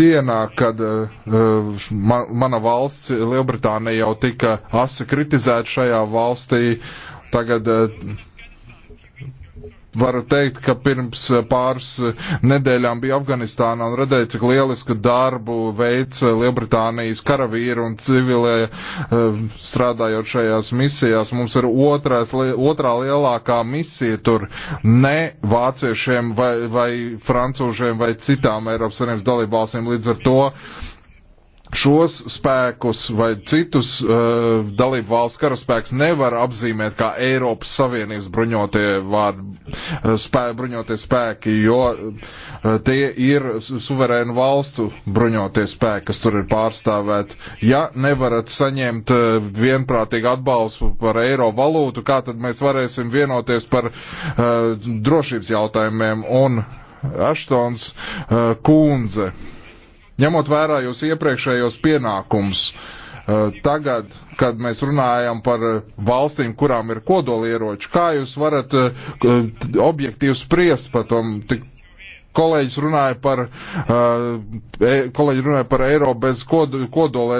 Dienā, kad eh, mana valsts, Lielbritānija, jau tika asi kritizēta šajā valstī, tagad eh, varu teikt, ka pirms eh, pāris eh, nedēļām bija Afganistānā un redzēju, cik lielisku darbu veids eh, Lielbritānijas karavīri un civilē strādājot šajās misijās. Mums ir otrās, otrā lielākā misija tur ne vāciešiem vai, vai francūžiem vai citām Eiropas Savienības dalībvalstīm. Līdz ar to šos spēkus vai citus uh, dalību valsts karaspēks nevar apzīmēt kā Eiropas Savienības bruņotie, vārdi, uh, spē, bruņotie spēki, jo uh, tie ir suverēnu valstu bruņotie spēki, kas tur ir pārstāvēti. Ja nevarat saņemt uh, vienprātīgu atbalstu par eiro valūtu, kā tad mēs varēsim vienoties par uh, drošības jautājumiem un Aštons uh, kundze Ņemot vērā jūs iepriekšējos pienākums, eh, tagad, kad mēs runājam par eh, valstīm, kurām ir kodolieroči, kā jūs varat eh, objektīvi spriest par tom, tik kolēģis runāja par, uh, kolēģi runāja par eiro bez kod, kodola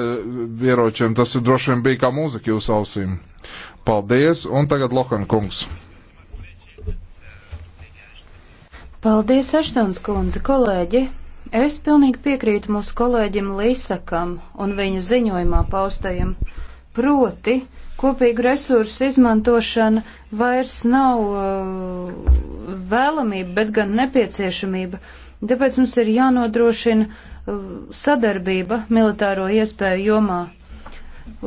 ieročiem. Tas droši vien bija kā mūzika jūsu ausīm. Paldies, un tagad Lohan kungs. Paldies, Aštons kundze, kolēģi. Es pilnīgi piekrītu mūsu kolēģim Līsakam un viņa ziņojumā paustajam. Proti, kopīgu resursu izmantošana vairs nav uh, vēlamība, bet gan nepieciešamība. Tāpēc mums ir jānodrošina uh, sadarbība militāro iespēju jomā.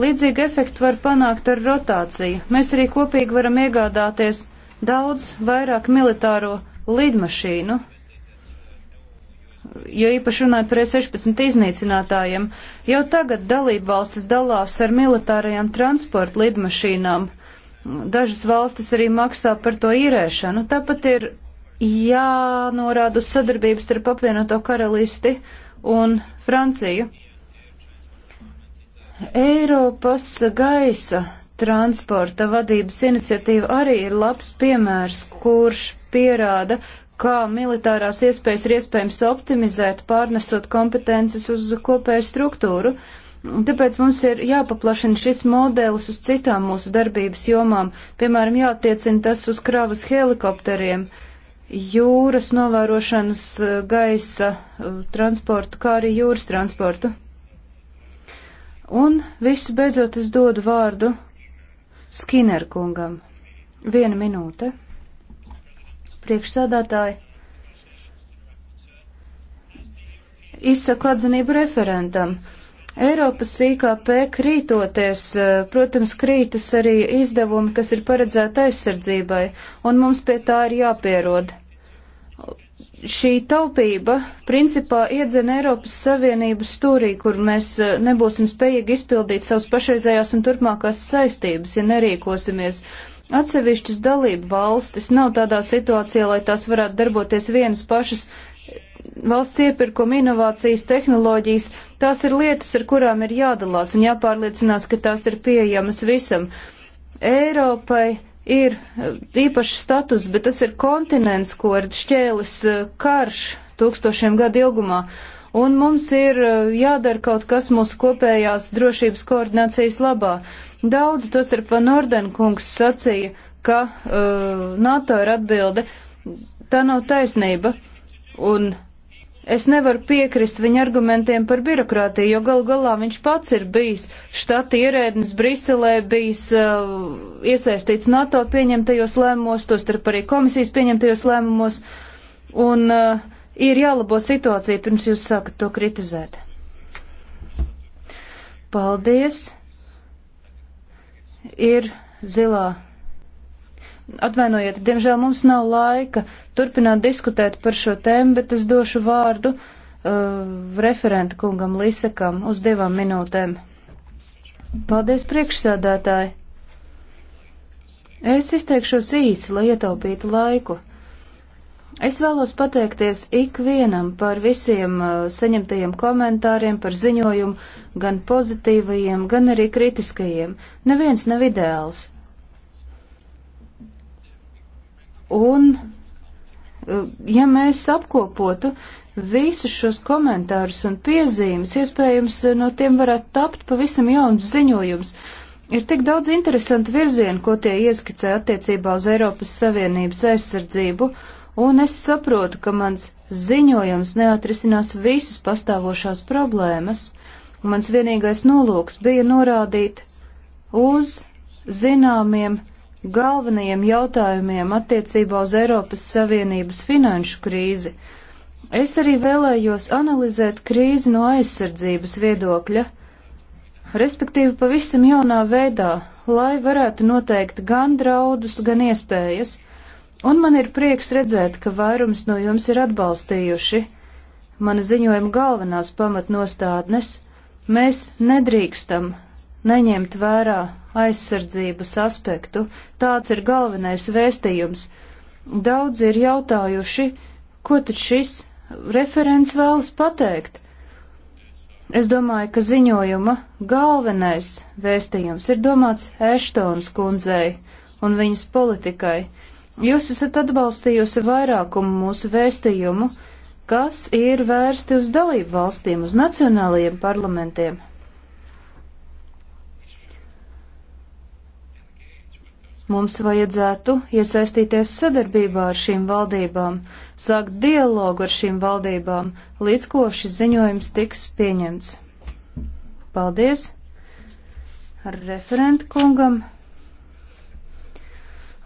Līdzīgu efektu var panākt ar rotāciju. Mēs arī kopīgi varam iegādāties daudz vairāk militāro lidmašīnu, jo īpaši runājot par E16 iznīcinātājiem, jau tagad dalību valstis dalās ar militārajām transporta lidmašīnām. Dažas valstis arī maksā par to īrēšanu. Tāpat ir jānorāda uz sadarbības starp apvienoto karalisti un Franciju. Eiropas gaisa transporta vadības iniciatīva arī ir labs piemērs, kurš pierāda, kā militārās iespējas ir iespējams optimizēt, pārnesot kompetences uz kopēju struktūru. Tāpēc mums ir jāpaplašina šis modelis uz citām mūsu darbības jomām, piemēram, jātiecina tas uz kravas helikopteriem, jūras novērošanas, eh, gaisa eh, transportu, kā arī jūras transportu. Un visu beidzot es dodu vārdu Skinner kungam. Viena minūte priekšsādātāji. Izsaku atzinību referentam. Eiropas IKP krītoties, eh, protams, krītas arī izdevumi, kas ir paredzēti aizsardzībai, un mums pie tā ir jāpierod. Šī taupība principā iedzena Eiropas Savienības stūrī, kur mēs eh, nebūsim spējīgi izpildīt savus pašreizējās un turpmākās saistības, ja nerīkosimies. Uh, Atsevišķas dalību valstis nav tādā situācijā, lai tās varētu darboties vienas pašas. Valsts iepirkuma inovācijas, tehnoloģijas, tās ir lietas, ar kurām ir jādalās un jāpārliecinās, ka tās ir pieejamas visam. Eiropai ir eh, īpašs status, bet tas ir kontinents, ko ir šķēlis eh, karš tūkstošiem gadu ilgumā. Un mums ir eh, jādara kaut kas mūsu kopējās drošības koordinācijas labā. Daudz, tostarp Van Ordenkungs sacīja, ka uh, NATO ir atbilde. Tā nav taisnība, un es nevaru piekrist viņa argumentiem par birokrātiju, jo gal galā viņš pats ir bijis štata ierēdnis Briselē, bijis uh, iesaistīts NATO pieņemtajos lēmumos, tostarp arī komisijas pieņemtajos lēmumos, un uh, ir jālabo situācija, pirms jūs sākat to kritizēt. Paldies! ir zilā. Atvainojiet, diemžēl mums nav laika turpināt diskutēt par šo tēmu, bet es došu vārdu uh, referenta kungam Līsekam uz divām minūtēm. Paldies, priekšsēdētāji! Es izteikšos īsi, lai ietaupītu laiku. Es vēlos pateikties ikvienam par visiem uh, saņemtajiem komentāriem, par ziņojumu, gan pozitīvajiem, gan arī kritiskajiem. Neviens nav ideāls. Un, uh, ja mēs apkopotu visus šos komentārus un piezīmes, iespējams, uh, no tiem varētu tapt pavisam jauns ziņojums. Ir tik daudz interesantu virzienu, ko tie ieskicē attiecībā uz Eiropas Savienības aizsardzību. Uh, un es saprotu, ka mans ziņojums neatrisinās visas pastāvošās problēmas. Mans vienīgais nolūks bija norādīt uz zināmiem galvenajiem jautājumiem attiecībā uz Eiropas Savienības finanšu krīzi. Es arī vēlējos analizēt krīzi no aizsardzības viedokļa, respektīvi pavisam jaunā veidā, lai varētu noteikt gan draudus, gan iespējas – Un man ir prieks redzēt, ka vairums no jums ir atbalstījuši mana ziņojuma galvenās pamatnostādnes. Mēs nedrīkstam neņemt vērā aizsardzības aspektu. Tāds ir galvenais vēstījums. Daudzi ir jautājuši, ko tad šis referents vēlas pateikt. Es domāju, ka ziņojuma galvenais vēstījums ir domāts Eštons kundzei un viņas politikai. Jūs esat atbalstījusi vairākumu mūsu vēstījumu, kas ir vērsti uz dalību valstīm, uz nacionālajiem parlamentiem. Mums vajadzētu iesaistīties sadarbībā ar šīm valdībām, sākt dialogu ar šīm valdībām, līdz ko šis ziņojums tiks pieņemts. Paldies! Ar referentu kungam!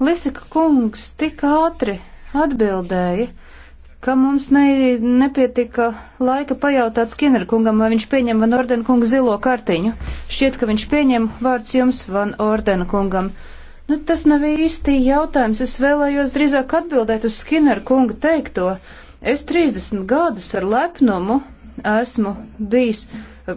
Lisika kungs tik ātri atbildēja, ka mums ne, nepietika laika pajautāt Skinner kungam, vai viņš pieņem Van Ordena kungu zilo kartiņu. Šķiet, ka viņš pieņem vārds jums Van Ordena kungam. Nu, tas nav īsti jautājums. Es vēlējos drīzāk atbildēt uz Skinner kunga teikto. Es 30 gadus ar lepnumu esmu bijis eh,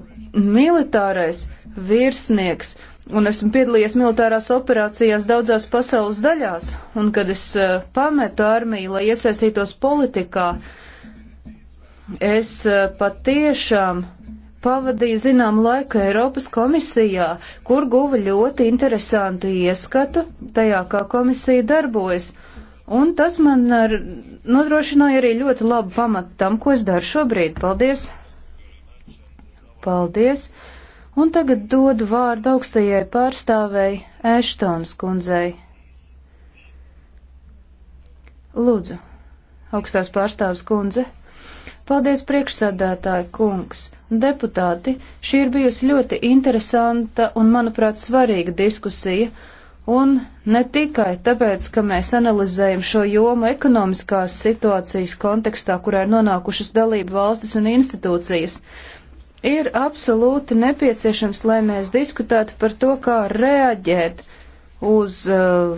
militārais virsnieks un esmu piedalījies militārās operācijās daudzās pasaules daļās, un kad es uh, pametu armiju, lai iesaistītos politikā, es uh, patiešām pavadīju zinām laiku Eiropas komisijā, kur guva ļoti interesantu ieskatu tajā, kā komisija darbojas. Un tas man ar, nodrošināja arī ļoti labu pamatu tam, ko es daru šobrīd. Paldies! Paldies! Un tagad dodu vārdu augstajai pārstāvēji Ēštons kundzei. Lūdzu, augstās pārstāvs kundze. Paldies priekšsādātāji kungs. Deputāti, šī ir bijusi ļoti interesanta un, manuprāt, svarīga diskusija. Un ne tikai tāpēc, ka mēs analizējam šo jomu ekonomiskās situācijas kontekstā, kurā ir nonākušas dalību valstis un institūcijas ir absolūti nepieciešams, lai mēs diskutētu par to, kā reaģēt uz uh,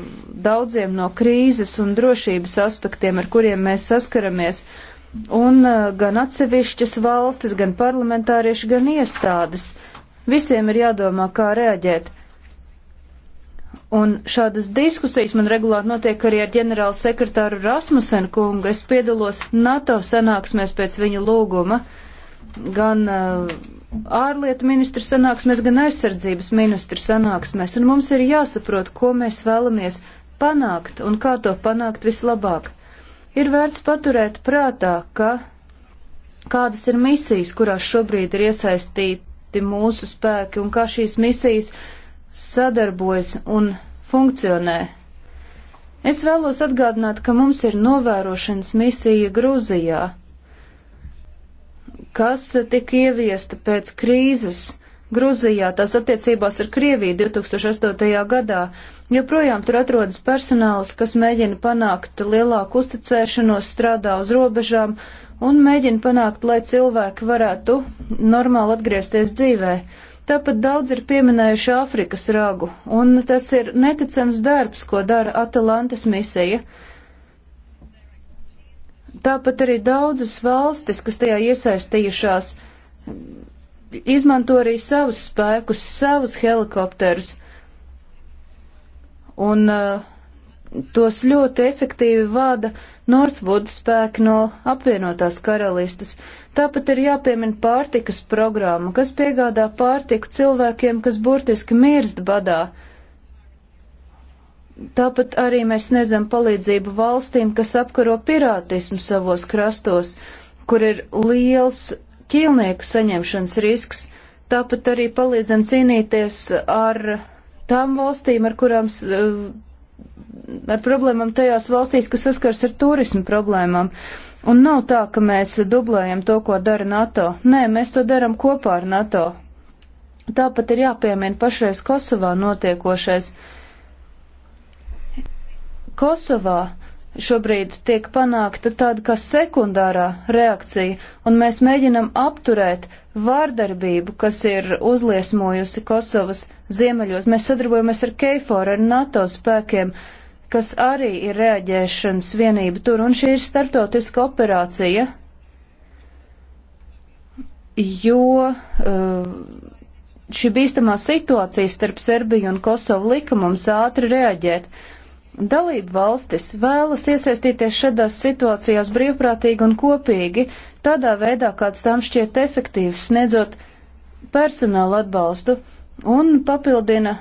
daudziem no krīzes un drošības aspektiem, ar kuriem mēs saskaramies, un uh, gan atsevišķas valstis, gan parlamentārieši, gan iestādes. Visiem ir jādomā, kā reaģēt. Un šādas diskusijas man regulāri notiek arī ar ģenerālu sekretāru Rasmusenu kungu. Es piedalos NATO sanāksmēs pēc viņa lūguma. Uh, gan uh, ārlietu ministru sanāksmēs, gan aizsardzības ministru sanāksmēs, un mums ir jāsaprot, ko mēs vēlamies panākt un kā to panākt vislabāk. Ir vērts paturēt prātā, ka kādas ir misijas, kurās šobrīd ir iesaistīti mūsu spēki un kā šīs misijas sadarbojas un funkcionē. Es vēlos atgādināt, ka mums ir novērošanas misija Grūzijā kas tika ieviesta pēc krīzes Gruzijā, tās attiecībās ar Krieviju 2008. gadā, joprojām tur atrodas personāls, kas mēģina panākt lielāku uzticēšanos, strādā uz robežām un mēģina panākt, lai cilvēki varētu normāli atgriezties dzīvē. Tāpat daudz ir pieminējuši Āfrikas ragu, un tas ir neticams darbs, ko dara Atalantas misija. Tāpat arī daudzas valstis, kas tajā iesaistījušās, izmanto arī savus spēkus, savus helikopterus, un uh, tos ļoti efektīvi vada Northwood spēki no apvienotās karalistes. Tāpat ir jāpiemina pārtikas programma, kas piegādā pārtiku cilvēkiem, kas burtiski mirst badā. Uh, Tāpat arī mēs sniedzam palīdzību valstīm, kas apkaro pirātismu savos krastos, kur ir liels ķīlnieku saņemšanas risks. Tāpat arī palīdzam cīnīties ar tām valstīm, ar kurām eh, ar problēmām tajās valstīs, kas saskars ar turismu problēmām. Un nav tā, ka mēs dublējam to, ko dara NATO. Nē, mēs to daram kopā ar NATO. Tāpat ir jāpiemina pašreiz Kosovā notiekošais. Uh, Kosovā šobrīd tiek panākta tāda kā sekundārā reakcija, un mēs mēģinam apturēt vārdarbību, kas ir uzliesmojusi Kosovas ziemeļos. Mēs sadarbojamies ar Keiforu, ar NATO spēkiem, kas arī ir reaģēšanas vienība tur, un šī ir startautiska operācija, jo uh, šī bīstamā situācija starp Serbiju un Kosovu lika mums ātri reaģēt. Dalību valstis vēlas iesaistīties šādās situācijās brīvprātīgi un kopīgi, tādā veidā, kāds tam šķiet efektīvs, sniedzot personāla atbalstu un papildina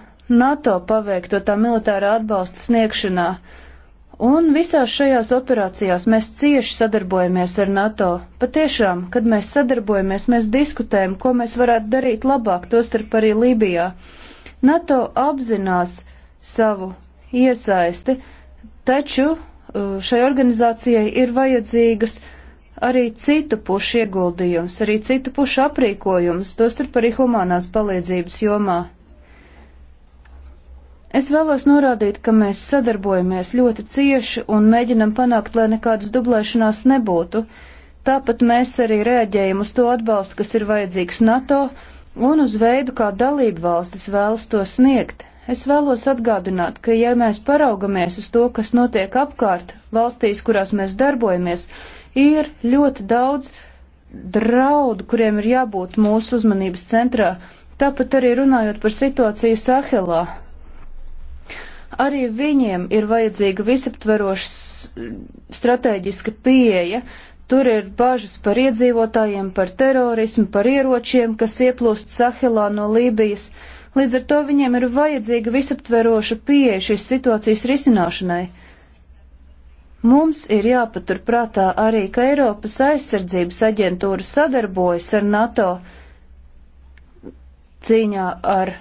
NATO paveikto tā militārā atbalsta sniegšanā. Un visās šajās operācijās mēs cieši sadarbojamies ar NATO. Patiešām, kad mēs sadarbojamies, mēs diskutējam, ko mēs varētu darīt labāk, tostarp arī Lībijā. NATO apzinās savu iesaisti, taču uh, šai organizācijai ir vajadzīgas arī citu pušu ieguldījums, arī citu pušu aprīkojums, tostarp arī humanās palīdzības jomā. Es vēlos norādīt, ka mēs sadarbojamies ļoti cieši un mēģinam panākt, lai nekādas dublēšanās nebūtu. Tāpat mēs arī reaģējam uz to atbalstu, kas ir vajadzīgs NATO un uz veidu, kā dalību valstis vēlas to sniegt, Es vēlos atgādināt, ka ja mēs paraugamies uz to, kas notiek apkārt valstīs, kurās mēs darbojamies, ir ļoti daudz draudu, kuriem ir jābūt mūsu uzmanības centrā, tāpat arī runājot par situāciju Sahelā. Arī viņiem ir vajadzīga visaptveroša stratēģiska pieeja, Tur ir bažas par iedzīvotājiem, par terorismu, par ieročiem, kas ieplūst Sahelā no Lībijas. Līdz ar to viņiem ir vajadzīga visaptveroša pieeja šīs situācijas risināšanai. Mums ir jāpatur prātā arī, ka Eiropas aizsardzības aģentūra sadarbojas ar NATO cīņā ar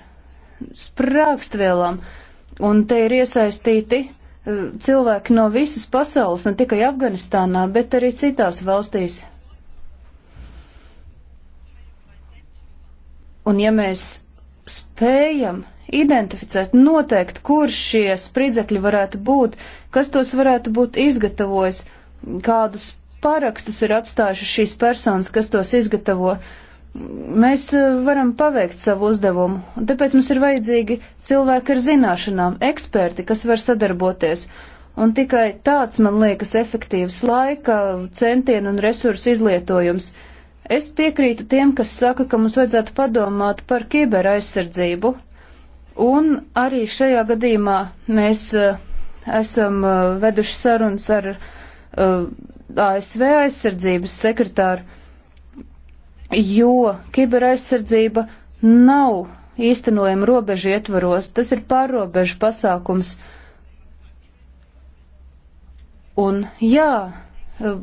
sprākstvielām, un te ir iesaistīti eh, cilvēki no visas pasaules, ne tikai Afganistānā, bet arī citās valstīs. Un ja mēs spējam identificēt, noteikt, kur šie spridzekļi varētu būt, kas tos varētu būt izgatavojis, kādus parakstus ir atstājušas šīs personas, kas tos izgatavo. Mēs e, varam paveikt savu uzdevumu, un tāpēc mums ir vajadzīgi cilvēki ar zināšanām, eksperti, kas var sadarboties. Un tikai tāds, man liekas, efektīvs laika, centienu un resursu izlietojums. Es piekrītu tiem, kas saka, ka mums vajadzētu padomāt par kiberaizsardzību, un arī šajā gadījumā mēs uh, esam uh, veduši sarunas ar uh, eh, ASV aizsardzības sekretāru, jo kiberaizsardzība nav īstenojama robežu ietvaros, tas ir pārrobežu pasākums. Un jā, uh,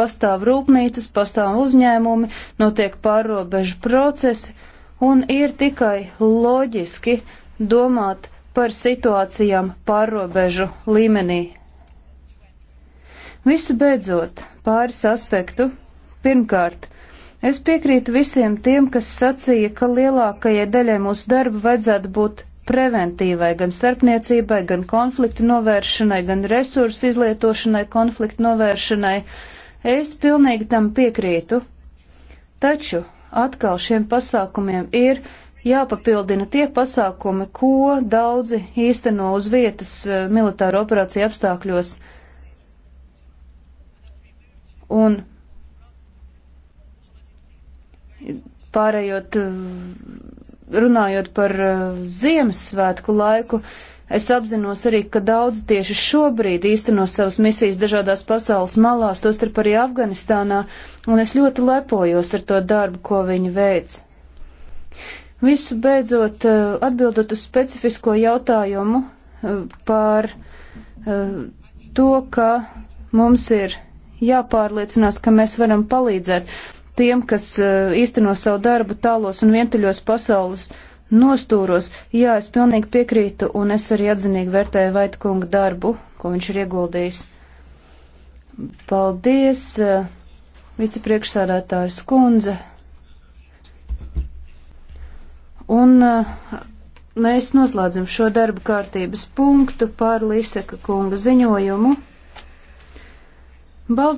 pastāv rūpnīcas, pastāv uzņēmumi, notiek pārobežu procesi, un ir tikai loģiski domāt par situācijām pārobežu līmenī. Visu beidzot, pāris aspektu. Pirmkārt, es piekrītu visiem tiem, kas sacīja, ka lielākajai daļai mūsu darba vajadzētu būt preventīvai, gan starpniecībai, gan konfliktu novēršanai, gan resursu izlietošanai, konfliktu novēršanai. Uh, Es pilnīgi tam piekrītu. Taču atkal šiem pasākumiem ir jāpapildina tie pasākumi, ko daudzi īsteno uz vietas eh, militāru operāciju apstākļos. Un pārējot, eh, runājot par eh, Ziemassvētku laiku, uh, Es apzinos arī, ka daudz tieši šobrīd īsteno savas misijas dažādās pasaules malās, tostarp arī Afganistānā, un es ļoti lepojos ar to darbu, ko viņi veic. Visu beidzot, eh, atbildot uz specifisko jautājumu eh, par eh, to, ka mums ir jāpārliecinās, ka mēs varam palīdzēt tiem, kas īsteno savu darbu tālos un vientuļos pasaules uh, nostūros. Jā, es pilnīgi piekrītu, un es arī atzinīgi vērtēju Vaitkunga darbu, ko viņš ir ieguldījis. Paldies, eh, vicepriekšsādātājs kundze. Un eh, mēs noslēdzam šo darba kārtības punktu par Liseka kunga ziņojumu. Balz